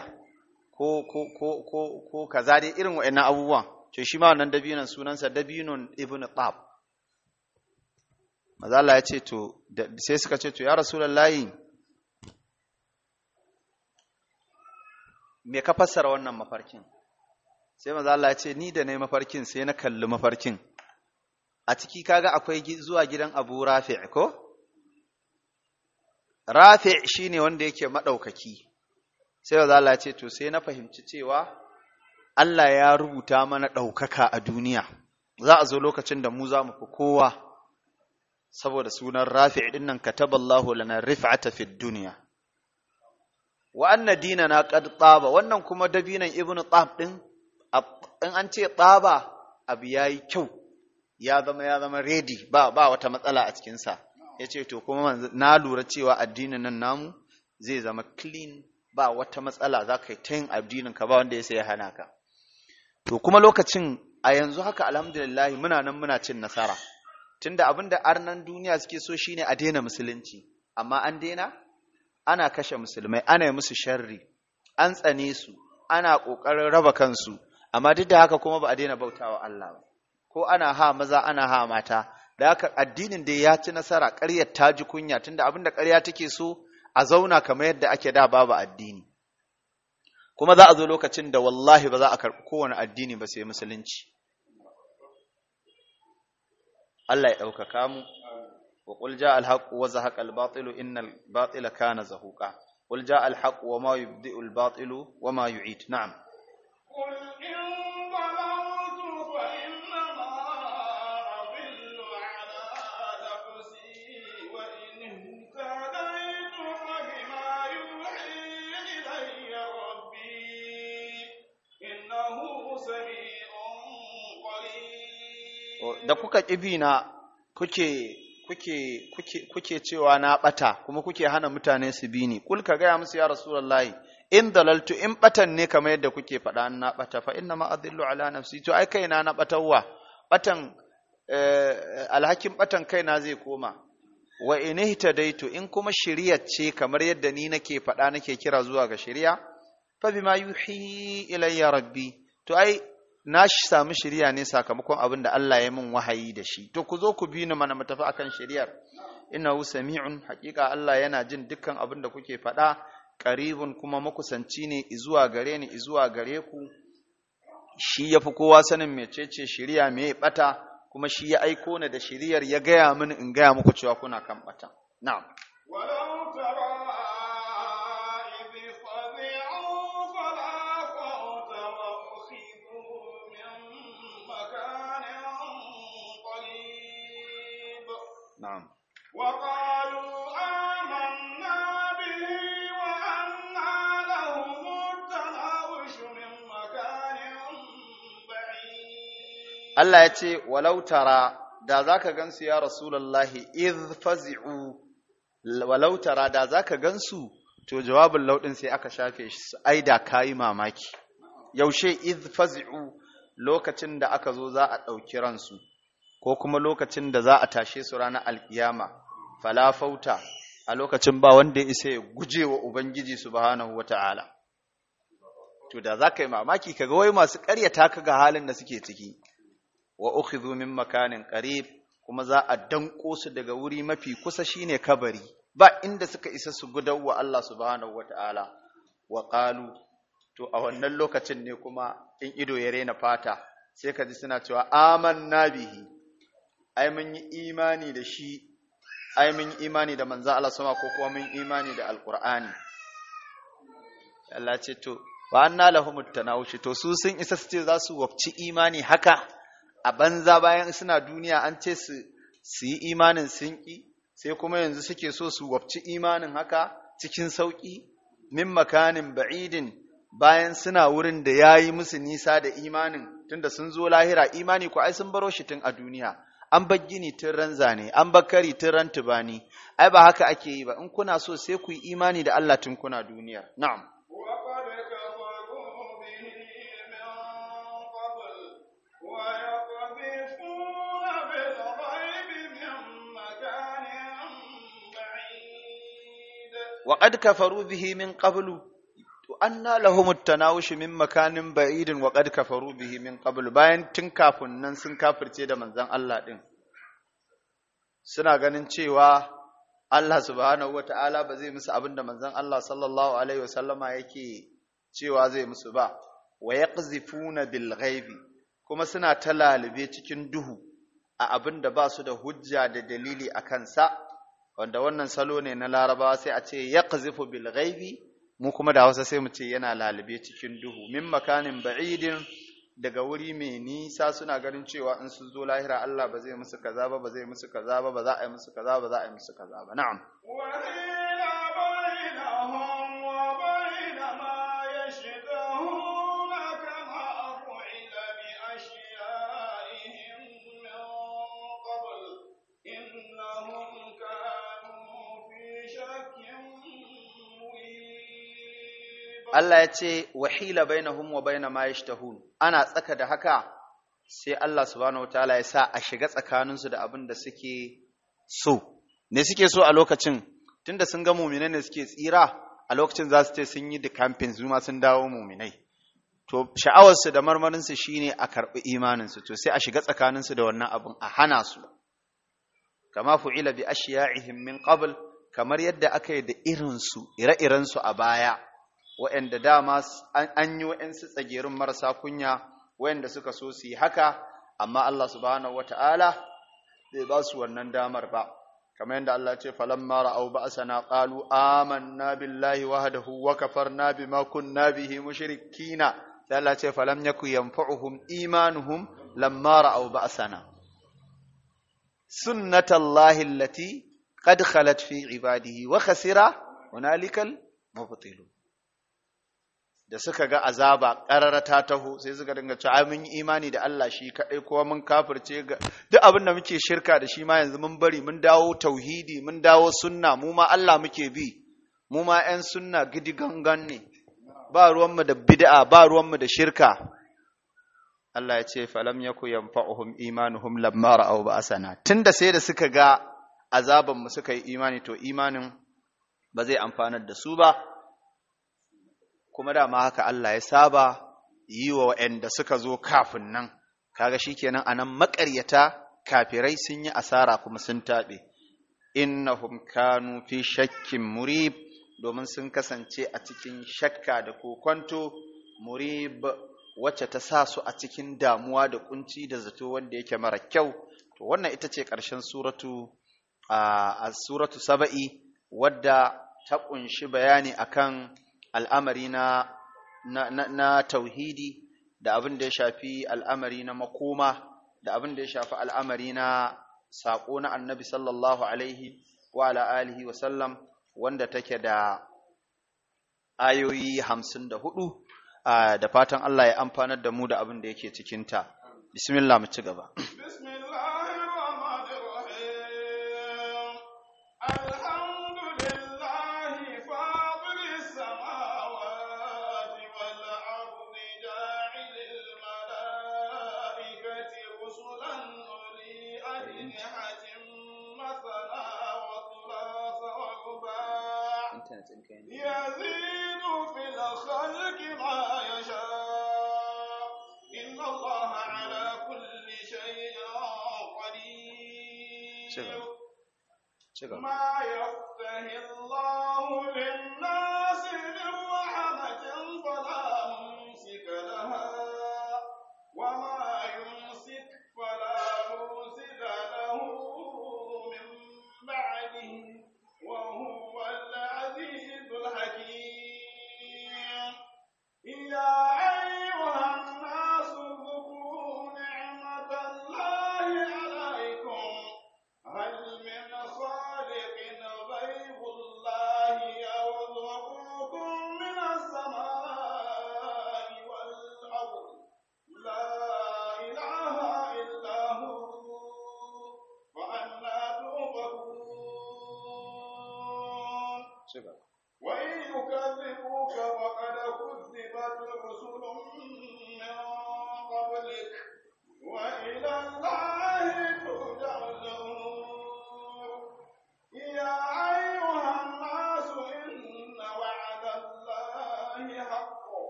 ko, ko, ko, ko, ko kaza dai irin abubuwan, to shi ma wannan dabinon sunansa dabinon ibn Qab. Mazala ya ce to, sai suka ce to, ya Rasulallahi, me ka fassara wannan mafarkin? Sai mazala ya ce, ni da na mafarkin sai na kalli mafarkin. A ciki kaga akwai zuwa gidan Abu Rafi' ko? rafi shine wanda yake maɗaukaki, sai wa zala ce to sai na fahimci cewa Allah ya rubuta mana ɗaukaka a duniya za a zo lokacin da mu za mu fi kowa saboda sunan rafi ɗin nan kataballahu lana rif'ata fid duniya wa anna dinana qad taba wannan kuma dabinan ibnu tab din in an ce taba abu yayi kyau ya zama ya zama redi, ba ba wata matsala a cikin sa ya ce to kuma na lura cewa addinin nan namu zai zama clean ba wata matsala za ka yi ta yin addinin ka ba wanda ya sai hana ka to kuma lokacin a yanzu haka alhamdulillah muna nan muna cin nasara tunda abin da arnan duniya suke so shine a daina musulunci amma an daina ana kashe musulmai ana yi musu sharri an tsane su ana ƙoƙarin raba kansu amma duk da haka kuma ba a daina bautawa Allah ba ko ana ha maza ana ha mata da haka addinin da ya ci nasara ƙaryar ta ji kunya tunda abinda ƙarya take so a zauna kamar yadda ake da babu addini kuma za a zo lokacin da wallahi ba za a karɓi kowane addini ba sai musulunci Allah ya ɗaukaka mu wa qul ja al-haqq wa zahaqa al-batil kana zahuƙa. qul ja al-haqq wa ma yubdi'u al-batil wa ma yu'id na'am da kuka ƙibi na kuke cewa na ɓata kuma kuke hana mutane su bi ni kul ka gaya musu ya rasulullahi in dalaltu in batan ne kamar yadda kuke faɗa na bata fa inna ma adillu ala nafsi to ai kaina na batarwa batan eh, alhakin batan kaina zai koma wa in ihtadaitu in kuma shirya ce kamar yadda ni nake faɗa nake kira zuwa ga shirya, fa bima yuhi ilayya rabbi to ai na samu shari'a ne sakamakon abin da Allah ya mun wahayi da shi to ku zo ku bi ni mana mu tafi akan shari'ar hu sami'un haƙiƙa Allah yana jin dukkan abin da kuke faɗa qaribun kuma makusanci ne izuwa gare ni izuwa gare ku shi yafi kowa sanin mecece shari'a me bata kuma shi ya aiko ni da shari'ar ya gaya mini in gaya muku cewa kuna kan bata na'am نعم amanna bihi wa anna lahum tanawish min Allah ya ce walau tara da zaka su ya rasulullahi iz fazi'u walau tara da zaka su, to jawabin laudin sai aka shafe shi ai da yi mamaki yaushe iz fazi'u lokacin da aka zo za a ɗauki ransu ko kuma lokacin da za a tashe su ranar alkiyama fala fauta a lokacin ba wanda ya isa ya guje wa ubangiji subhanahu wata'ala to da za ka yi mamaki kaga wai masu ƙaryata ka ga halin da suke ciki wa ukhidhu min makanin qarib kuma za a danko su daga wuri mafi kusa shine kabari ba inda suka isa su wa Allah subhanahu wata'ala wa qalu to a wannan lokacin ne kuma in ido ya rena fata sai ka ji suna cewa amanna bihi ai mun yi imani da shi ai mun yi imani da manzo Allah sama ko kuma mun imani da alqur'ani Allah ce to wa anna lahum tanawushi to su sun isa su ce za su wabci imani haka a banza bayan suna duniya an ce su su yi imanin sun ki sai kuma yanzu suke so su wabci imanin haka cikin sauki min makanin ba'idin bayan suna wurin da yayi musu nisa da imanin tunda sun zo lahira imani ko ai sun baro shi tun a duniya an bar gini tun ran zane an bar kari tun ran tubani ai ba haka ake yi ba in kuna so sai ku yi imani da Allah tun kuna duniya na'am ƙad kafaru faru min ƙablu anna lahumut tanawush min makanin ba'idin wa qad kafaru bihi min qabl bayan tun kafin nan sun kafirce da manzon Allah din suna ganin cewa Allah subhanahu wata'ala ba zai musu abin da manzon Allah sallallahu alaihi sallama yake cewa zai musu ba wa yaqzifuna bil ghaibi kuma suna talalube cikin duhu a abin da ba su da hujja da dalili a kansa wanda wannan salo ne na larabawa sai a ce yaqzifu bil ghaibi mu kuma da Hausa sai mu ce yana lalube cikin duhu min makanin ba'idin daga wuri mai nisa suna ganin cewa in sun zo lahira Allah ba zai musu kaza ba ba zai musu kaza ba ba za a yi musu kaza ba za a yi musu kaza ba na'am Allah ya ce wahila bainahum wa baina ma yashtahun ana tsaka da haka sai Allah subhanahu wataala ya sa a shiga tsakaninsu da abin da suke so ne suke so a lokacin tunda sun ga mu'minai ne suke tsira a lokacin za su ce sun yi da kamfin su ma sun dawo mu'minai to sha'awarsu da marmarinsu shine a karɓi imaninsu to sai a shiga tsakaninsu da wannan abin a hana su kama fu'ila bi ashiya'ihim min qabl kamar yadda aka yi da irinsu ire-irensu a baya waɗanda dama an yi waɗansu tsagerun marasa kunya waɗanda suka so su yi haka amma Allah subhanahu wata'ala bai ba su wannan damar ba kamar yadda Allah ce falamma ra'au ba'sana qalu amanna billahi wahdahu wa kafarna bima kunna bihi mushrikina sai Allah ce falam yaku yanfa'uhum imanuhum lamma ra'au ba'sana sunnatallahi allati qad khalat fi ibadihi wa khasira hunalikal mubtilun da suka ga azaba ƙarara ta taho sai suka dinga cewa mun yi imani da Allah shi kaɗai ko mun kafirce ga duk abin da muke shirka da shi ma yanzu mun bari mun dawo tauhidi mun dawo sunna mu ma Allah muke bi mu ma 'yan sunna gidi gangan ne ba ruwanmu da bid'a ba ruwanmu da shirka Allah ya ce falam yaku yanfa'uhum imanuhum lamma ra'aw ba'asana tunda sai da suka ga azaban mu suka yi imani to imanin ba zai amfanar da su ba kuma dama haka Allah ya saba yi wa waɗanda suka zo kafin nan kaga shi kenan a nan maƙaryata kafirai sun yi asara kuma sun taɓe innahum kanu fi shakkin murib domin sun kasance a cikin shakka da kokonto murib wacce ta sa su a cikin damuwa da kunci da zato wanda yake mara kyau to wannan ita ce ƙarshen suratu suratu saba'i wadda ta ƙunshi bayani akan al'amari na na tauhidi da abin da ya shafi al'amari na makoma da abin da ya shafi al'amari na saƙo na annabi sallallahu alaihi wa alihi wa sallam wanda take da ayoyi hamsin da hudu da fatan Allah ya amfanar da mu da abin da yake cikinta. Bismillah mu ci gaba. ما يفتح الله لك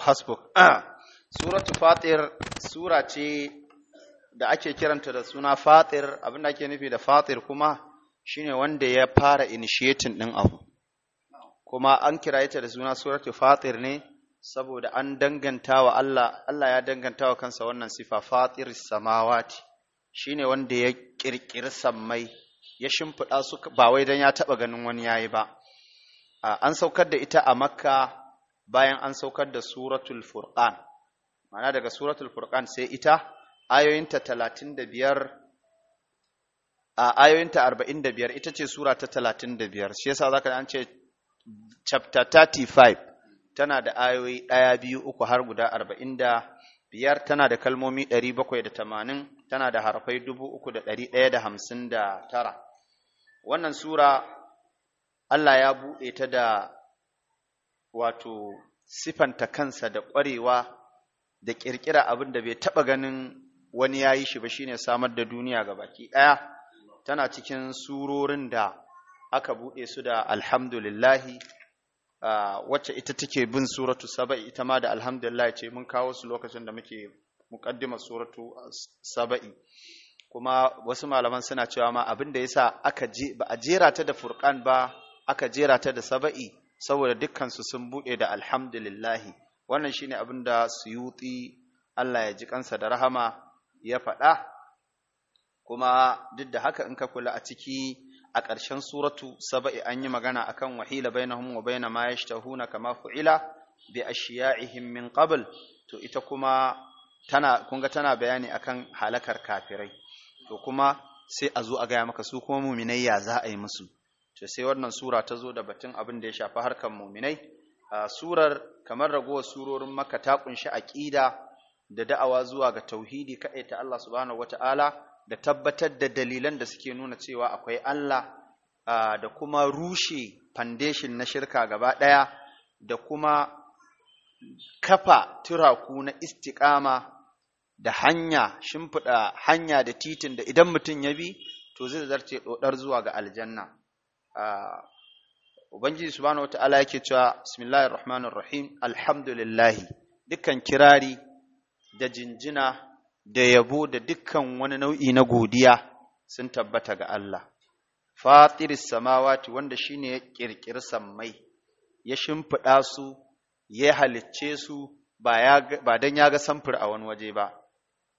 hasbuk ah, suratu fatir sura ce da ake kiranta da suna fatir abinda ake nufi da fatir kuma shine wanda ya fara initiating din abu kuma an kirayeta ita da suna suratu fatir ne saboda an danganta wa Allah Allah ya danganta wa kansa wannan sifa fatir samawati shine wanda ya kirkiri sammai ya shimfiɗa su ba wai dan ya taɓa ganin wani yayi ba ah, an saukar da ita a makka bayan an saukar da suratul furqan ma'ana daga suratul furqan sai ita ayoyinta 35 a ayoyinta 45 ita ce sura ta 35 shi yasa zaka an ce chapter 35 tana da ayoyi 1 2 3 har guda 45 tana da kalmomi 780 tana da harafai tara, wannan sura Allah ya buɗe ta da wato sifanta kansa da ƙwarewa da ƙirƙira abin da bai taɓa ganin wani ya yi shi ba shine samar da duniya ga baki ɗaya tana cikin surorin da aka buɗe su da alhamdulillahi wacce ita take bin suratu saba'i ita ma da alhamdulillahi ce mun kawo su lokacin da muke muƙaddima suratu saba'i kuma wasu malaman suna cewa ma abin da yasa aka ba a jera ta da furkan ba aka jera ta da saba'i saboda dukkansu sun buɗe da alhamdulillahi wannan shine abin da suyuti Allah ya ji kansa da rahama ya faɗa kuma duk da haka in ka kula a ciki a ƙarshen suratu saba'i an yi magana akan wahila bainahum wa baina ma yashtahuna kama fu'ila bi ashiya'ihim min qabl to ita kuma tana ga tana bayani akan halakar kafirai to kuma sai a zo a gaya maka su kuma muminai ya za a yi musu ce sai wannan sura ta zo da batun abin da ya shafi harkar muminai surar kamar ragowar surorin maka ta kunshi aqida da da'awa zuwa ga tauhidi kaɗai ta Allah subhanahu wata'ala da tabbatar da dalilan da suke nuna cewa akwai Allah da kuma rushe foundation na shirka gaba ɗaya da kuma kafa turaku na istiƙama da hanya shimfiɗa hanya da titin da idan mutum ya bi to zai zarce ɗoɗar zuwa ga aljanna ubangiji subhanahu wataala yake cewa bismillahir rahmanir rahim alhamdulillah dukkan kirari da jinjina da yabo da dukkan wani nau'i na godiya sun tabbata ga Allah fatiris samawati wanda shine ya kirkiri sammai ya shimfiɗa su ya halicce su ba dan ya ga samfur a wani waje ba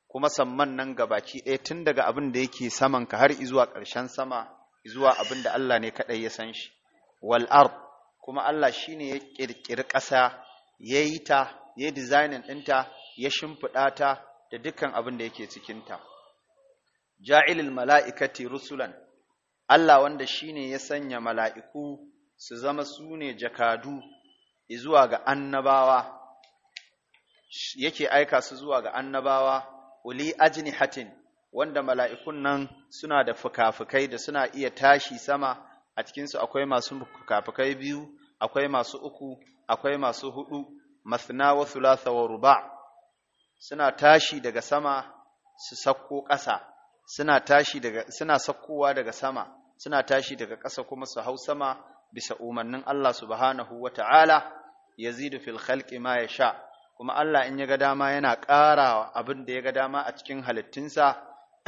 kuma samman nan ga baki ɗaya tun daga abin da yake saman ka har izuwa ƙarshen sama zuwa abin da Allah ne kaɗai ya san shi wal kuma Allah shi ne ya ƙirƙiri ƙasa ya yi ta ya yi dizainin ɗinta ya shimfiɗa ta da dukkan abin da yake cikinta ja'ilil mala'ikati rusulan Allah wanda shi ne ya sanya mala'iku su zama su ne jakadu zuwa ga annabawa yake aika su zuwa ga annabawa uli hatin? wanda mala'ikun nan suna da fukafukai da suna iya tashi sama a cikinsu akwai masu fukafukai biyu akwai masu uku akwai masu hudu masna wasu thulatha ruba suna tashi daga sama su sakko ƙasa suna tashi daga sakkowa daga sama suna tashi daga ƙasa kuma su hau sama bisa umarnin Allah subhanahu wata'ala yazidu fil khalqi ma yasha kuma Allah in ya ga dama yana ƙara abin da ya ga dama a cikin halittunsa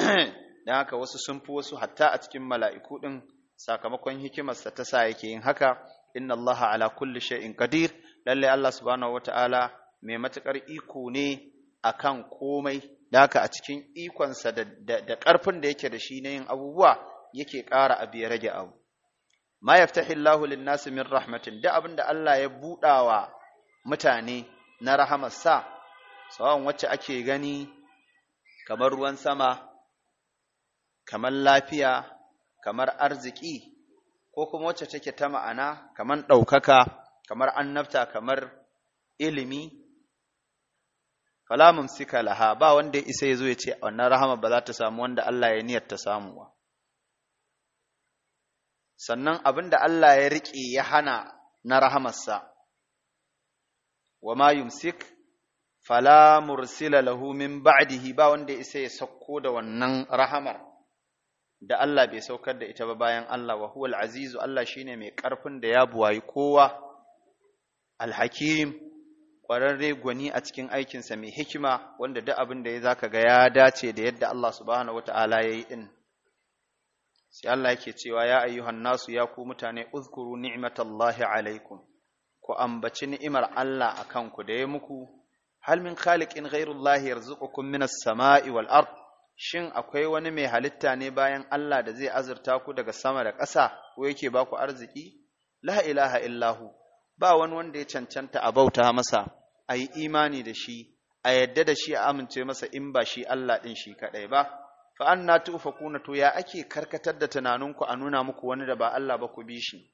don haka wasu sun fi wasu hatta a cikin mala'iku ɗin sakamakon hikimarsa ta sa yake yin haka inna Allah ala kulli shay'in qadir lalle Allah subhanahu wataala mai matukar iko ne akan komai da haka a cikin ikonsa da ƙarfin da yake da shi na yin abubuwa yake ƙara abu ya rage abu ma yaftahi Allahu lin-nasi rahmatin da abin da Allah ya buɗawa mutane na rahamarsa sawan wacce ake gani kamar ruwan sama kamar lafiya kamar arziki ko kuma wacce take ta ma'ana kamar ɗaukaka kamar annabta kamar ilimi falamun sika laha ba wanda ya isa ya zo ya ce wannan rahama ba za ta samu wanda Allah ya niyyar ta ba. sannan abin da Allah ya riƙe ya hana na rahamarsa wa mayum yumsik fala mursila lahu min ba'dihi ba wanda ya isa ya sakko da wannan rahamar da Allah bai saukar da ita ba bayan Allah wa huwal azizu Allah shine mai ƙarfin da ya buwayi kowa alhakim ƙwararre gwani a cikin aikinsa mai hikima wanda duk abin da ya zaka ga ya dace da yadda Allah subhanahu wata'ala ya yi din sai Allah yake cewa ya ayyuhan nasu ya ku mutane uzkuru ni'matallahi alaikum ku ambaci ni'imar Allah akan ku da ya muku hal min khaliqin ghayrullahi yarzuqukum minas sama'i wal ardh shin akwai wani mai halitta ne bayan Allah da zai azurta ku daga sama da ƙasa ko yake ba ku arziki la ilaha illahu ba wani wanda ya cancanta a bauta masa a yi imani da shi a yadda da shi a amince masa in ba shi Allah ɗin shi kaɗai ba fa an na tufa kuna to ya ake karkatar da tunaninku a nuna muku wani da ba Allah ba ku bi shi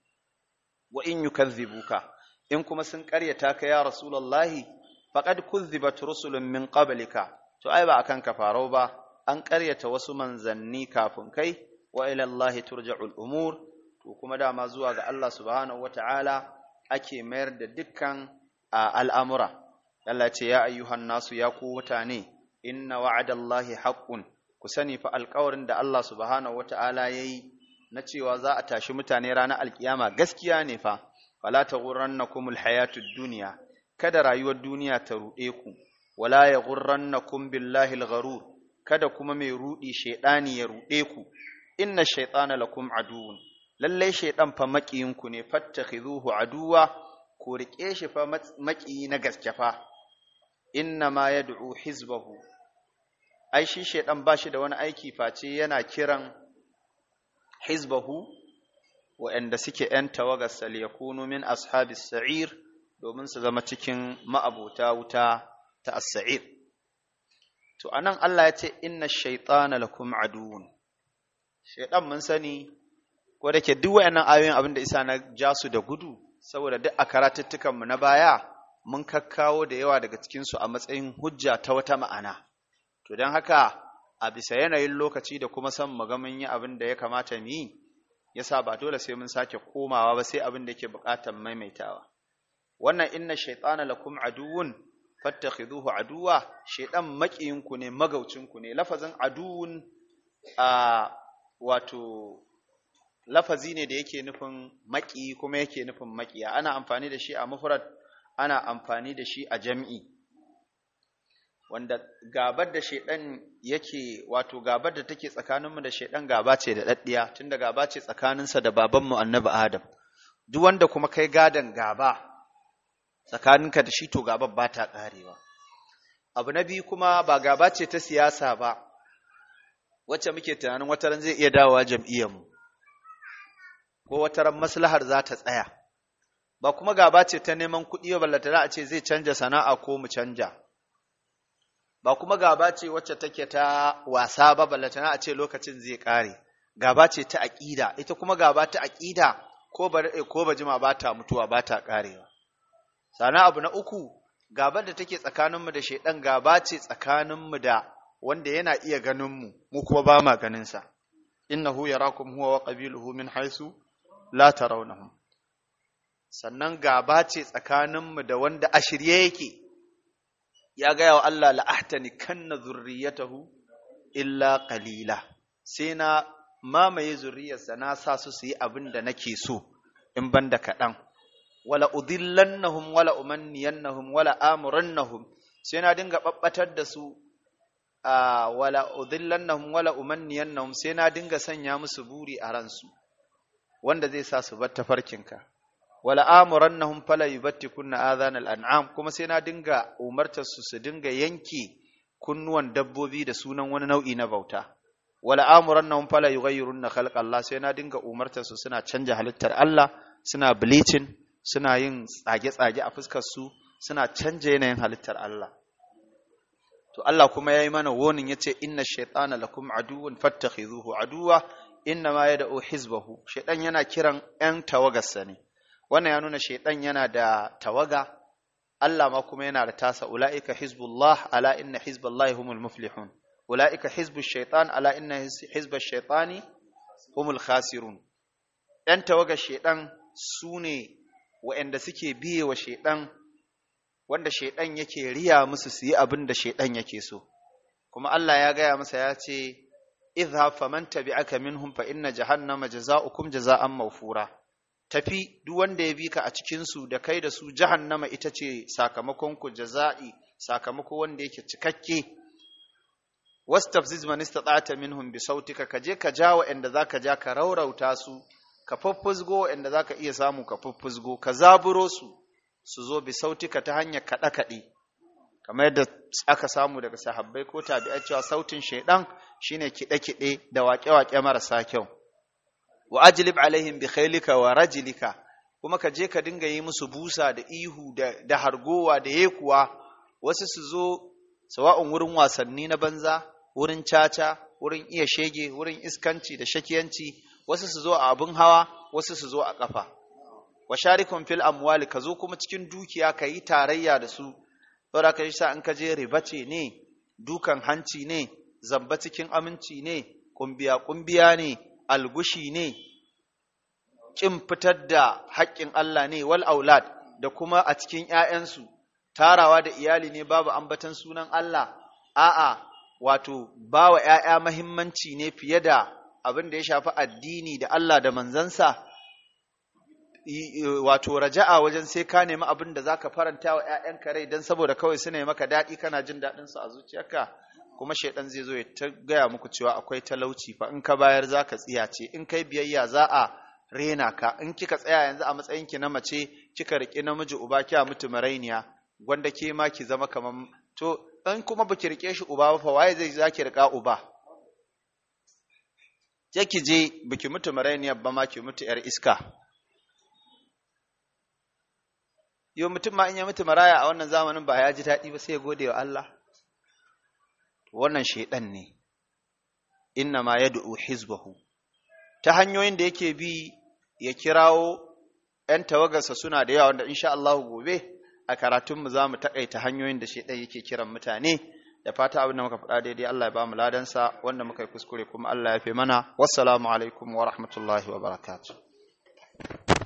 wa in ka. in kuma sun karyata ka ya rasulullahi faqad kuzzibat rusulun min qablika to ai ba akan ka farau ba an ƙaryata wasu manzanni kafin kai wa ila turja'ul umur to kuma dama zuwa ga Allah subhanahu wata'ala ake mayar da dukkan al'amura Allah ce ya ayyuhan nasu ya ku mutane inna wa'adallahi haqqun ku sani fa alƙawarin da Allah subhanahu wata'ala yayi na cewa za a tashi mutane ranar alkiyama gaskiya ne fa wala taghurrannakumul hayatud dunya kada rayuwar duniya ta ruɗe ku wala yaghurrannakum billahi algharur kada kuma mai rudi shaiɗani ya ruɗe ku inna shaytana lakum aduwun, lallai shaiɗan fa makiyin ku ne fattakhizuhu aduwa ku riƙe shi fa maki na gaske fa inna ma yad'u hizbahu ai shi shaydan bashi da wani aiki face yana kiran hizbahu inda suke ‘yan tawagarsa liyakunu min ashabis sa'ir domin su zama cikin ma'abota wuta ta as-sa'ir. to anan Allah ya ce inna shaytana lakum aduun. shaytan mun sani ko da ke duk wayannan ayoyin abin da isa na ja su da gudu saboda duk a karatuttukan mu na baya mun kakkawo da yawa daga cikin su a matsayin hujja ta wata ma'ana to dan haka a bisa yanayin lokaci da kuma san mu ga mun yi abin da ya kamata mu yi yasa ba dole sai mun sake komawa ba sai abin da yake buƙatar maimaitawa wannan inna shaytana lakum aduun fattakhiduhu aduwa shedan makiyinku ne magaucinku ne lafazin aduun a wato lafazi ne da yake nufin maki kuma yake nufin makiya ana amfani da shi a mufrad ana amfani da shi a jam'i wanda gabar da shedan yake wato gabar da take tsakaninmu da shedan gaba ce da daddiya tunda gaba ce tsakaninsa da babanmu annabi adam duk wanda kuma kai gadan gaba tsakaninka da shi to gaban ba ta ƙarewa abu na biyu kuma ba gaba ce ta siyasa ba wacce muke tunanin wataran zai iya dawowa mu ko wataran maslahar za ta tsaya ba kuma gaba ce ta neman kuɗi ba za a ce zai canja sana'a ko mu canja ba kuma gaba ce wacce take ta wasa ba ballatana a ce lokacin zai ƙare gaba ce ta aƙida ita kuma gaba ta aƙida ko ba jima ba ta mutuwa ba ta ƙarewa sana abu na uku gaban da take tsakaninmu da shaidan gaba ce tsakaninmu da wanda yana iya ganinmu mu kuma ba ma ganinsa innahu yarakum huwa wa qabiluhu min haisu la tarawnahum sannan gaba ce tsakaninmu da wanda a shirye yake ya gaya wa Allah la'ahtani kanna zurriyatahu illa qalila sai na mamaye zurriyarsa na sa su su yi abin da nake so in ban da kaɗan wala udhillannahum wala umanniyannahum wala amurannahum sai na dinga babbatar da su a wala udhillannahum wala umanniyannahum sai na dinga sanya musu buri a ransu wanda zai sa su bar tafarkinka wala amurannahum fala yubattikunna adhanal an'am kuma sai na dinga umartar su su dinga yanke kunnuwan dabbobi da sunan wani nau'i na bauta wala amurannahum fala yughayyirunna khalqa Allah sai na dinga umartar su suna canja halittar Allah suna bleaching suna yin tsage-tsage a su, suna canja yanayin halittar Allah to Allah kuma ya yi mana wonin ya ce inna shaitana lakum aduwun fattakhizuhu aduwa inna ma yad'u hizbahu shaitan yana kiran 'yan tawagarsa ne wannan ya nuna shaitan yana da tawaga Allah ma kuma yana da tasa ula'ika hizbullah ala inna hizballahi humul muflihun ula'ika hizbu shaitan ala inna hizba shaitani humul khasirun yan tawaga shaitan su ne wa'anda suke biye wa shaidan wanda shaidan yake riya musu su yi abin da shaidan yake so kuma Allah ya gaya masa ya ce idha faman aka minhum fa inna jahannama jaza'ukum jaza'an mawfura tafi duk wanda ya bika a cikin su da kai da su jahannama ita ce sakamakon ku jaza'i sakamako wanda yake cikakke wastafziz man istata'ta minhum bi sautika kaje ka ja wa'anda zaka ja ka raurauta su ka faffuzgo inda za ka iya samu ka faffuzgo ka zaburo su su zo bi sautika ta hanyar kaɗe-kaɗe kamar yadda aka samu daga sahabbai ko tabi'ai cewa sautin shaidan shine kiɗe-kiɗe da waƙe-waƙe marasa kyau wa ajlib alaihim bi khailika wa rajlika kuma ka je ka dinga yi musu busa da ihu da hargowa da yekuwa wasu su zo sawa'un wurin wasanni na banza wurin caca wurin iya shege wurin iskanci da shakiyanci wasu su zo a abin hawa wasu su zo a ƙafa wa sharikun fil amwali ka zo kuma cikin dukiya ka yi tarayya da su saboda ka sa in ka je riba ce ne dukan hanci ne zamba cikin aminci ne kumbiya kumbiya ne algushi ne kin fitar da haƙƙin Allah ne wal aulad da kuma a cikin 'ya'yansu. tarawa da iyali ne babu ambatan sunan Allah a'a wato ba wa ‘ya'ya mahimmanci ne fiye da abin da ya shafi addini da Allah da manzansa wato raja'a wajen sai ka nemi abin da zaka faranta wa ƴaƴanka rai dan saboda kawai su ne maka daɗi kana jin daɗin su a zuciyarka kuma shaidan zai zo ya ta gaya muku cewa akwai talauci fa in ka bayar zaka tsiyace in kai biyayya za a rena ka in kika tsaya yanzu a matsayinki na mace kika riƙe namiji uba kya mutu marainiya gwanda ke ma ki zama kaman to in kuma baki riƙe shi uba ba fa waye zai zaki riƙa uba je ki je biki mutu marainiyar ba ma ki mutu ‘yar iska. Yo mutum ma in ya mutu maraya a wannan zamanin ba ya ji daɗi ba sai ya gode wa Allah. Wannan shaiɗan ne, inna ma ya du'u hizbahu, ta hanyoyin da yake bi ya kirawo ‘yan tawagarsa suna da yawa wanda insha Allah gobe a karatunmu za mu taƙaita hanyoyin da shaiɗan yake kiran mutane. da fata abin da muka faɗa daidai Allah ya ba mu ladansa wanda muka yi kuskure kuma Allah ya fi mana wassalamu alaikum wa rahmatullahi wa barakatuh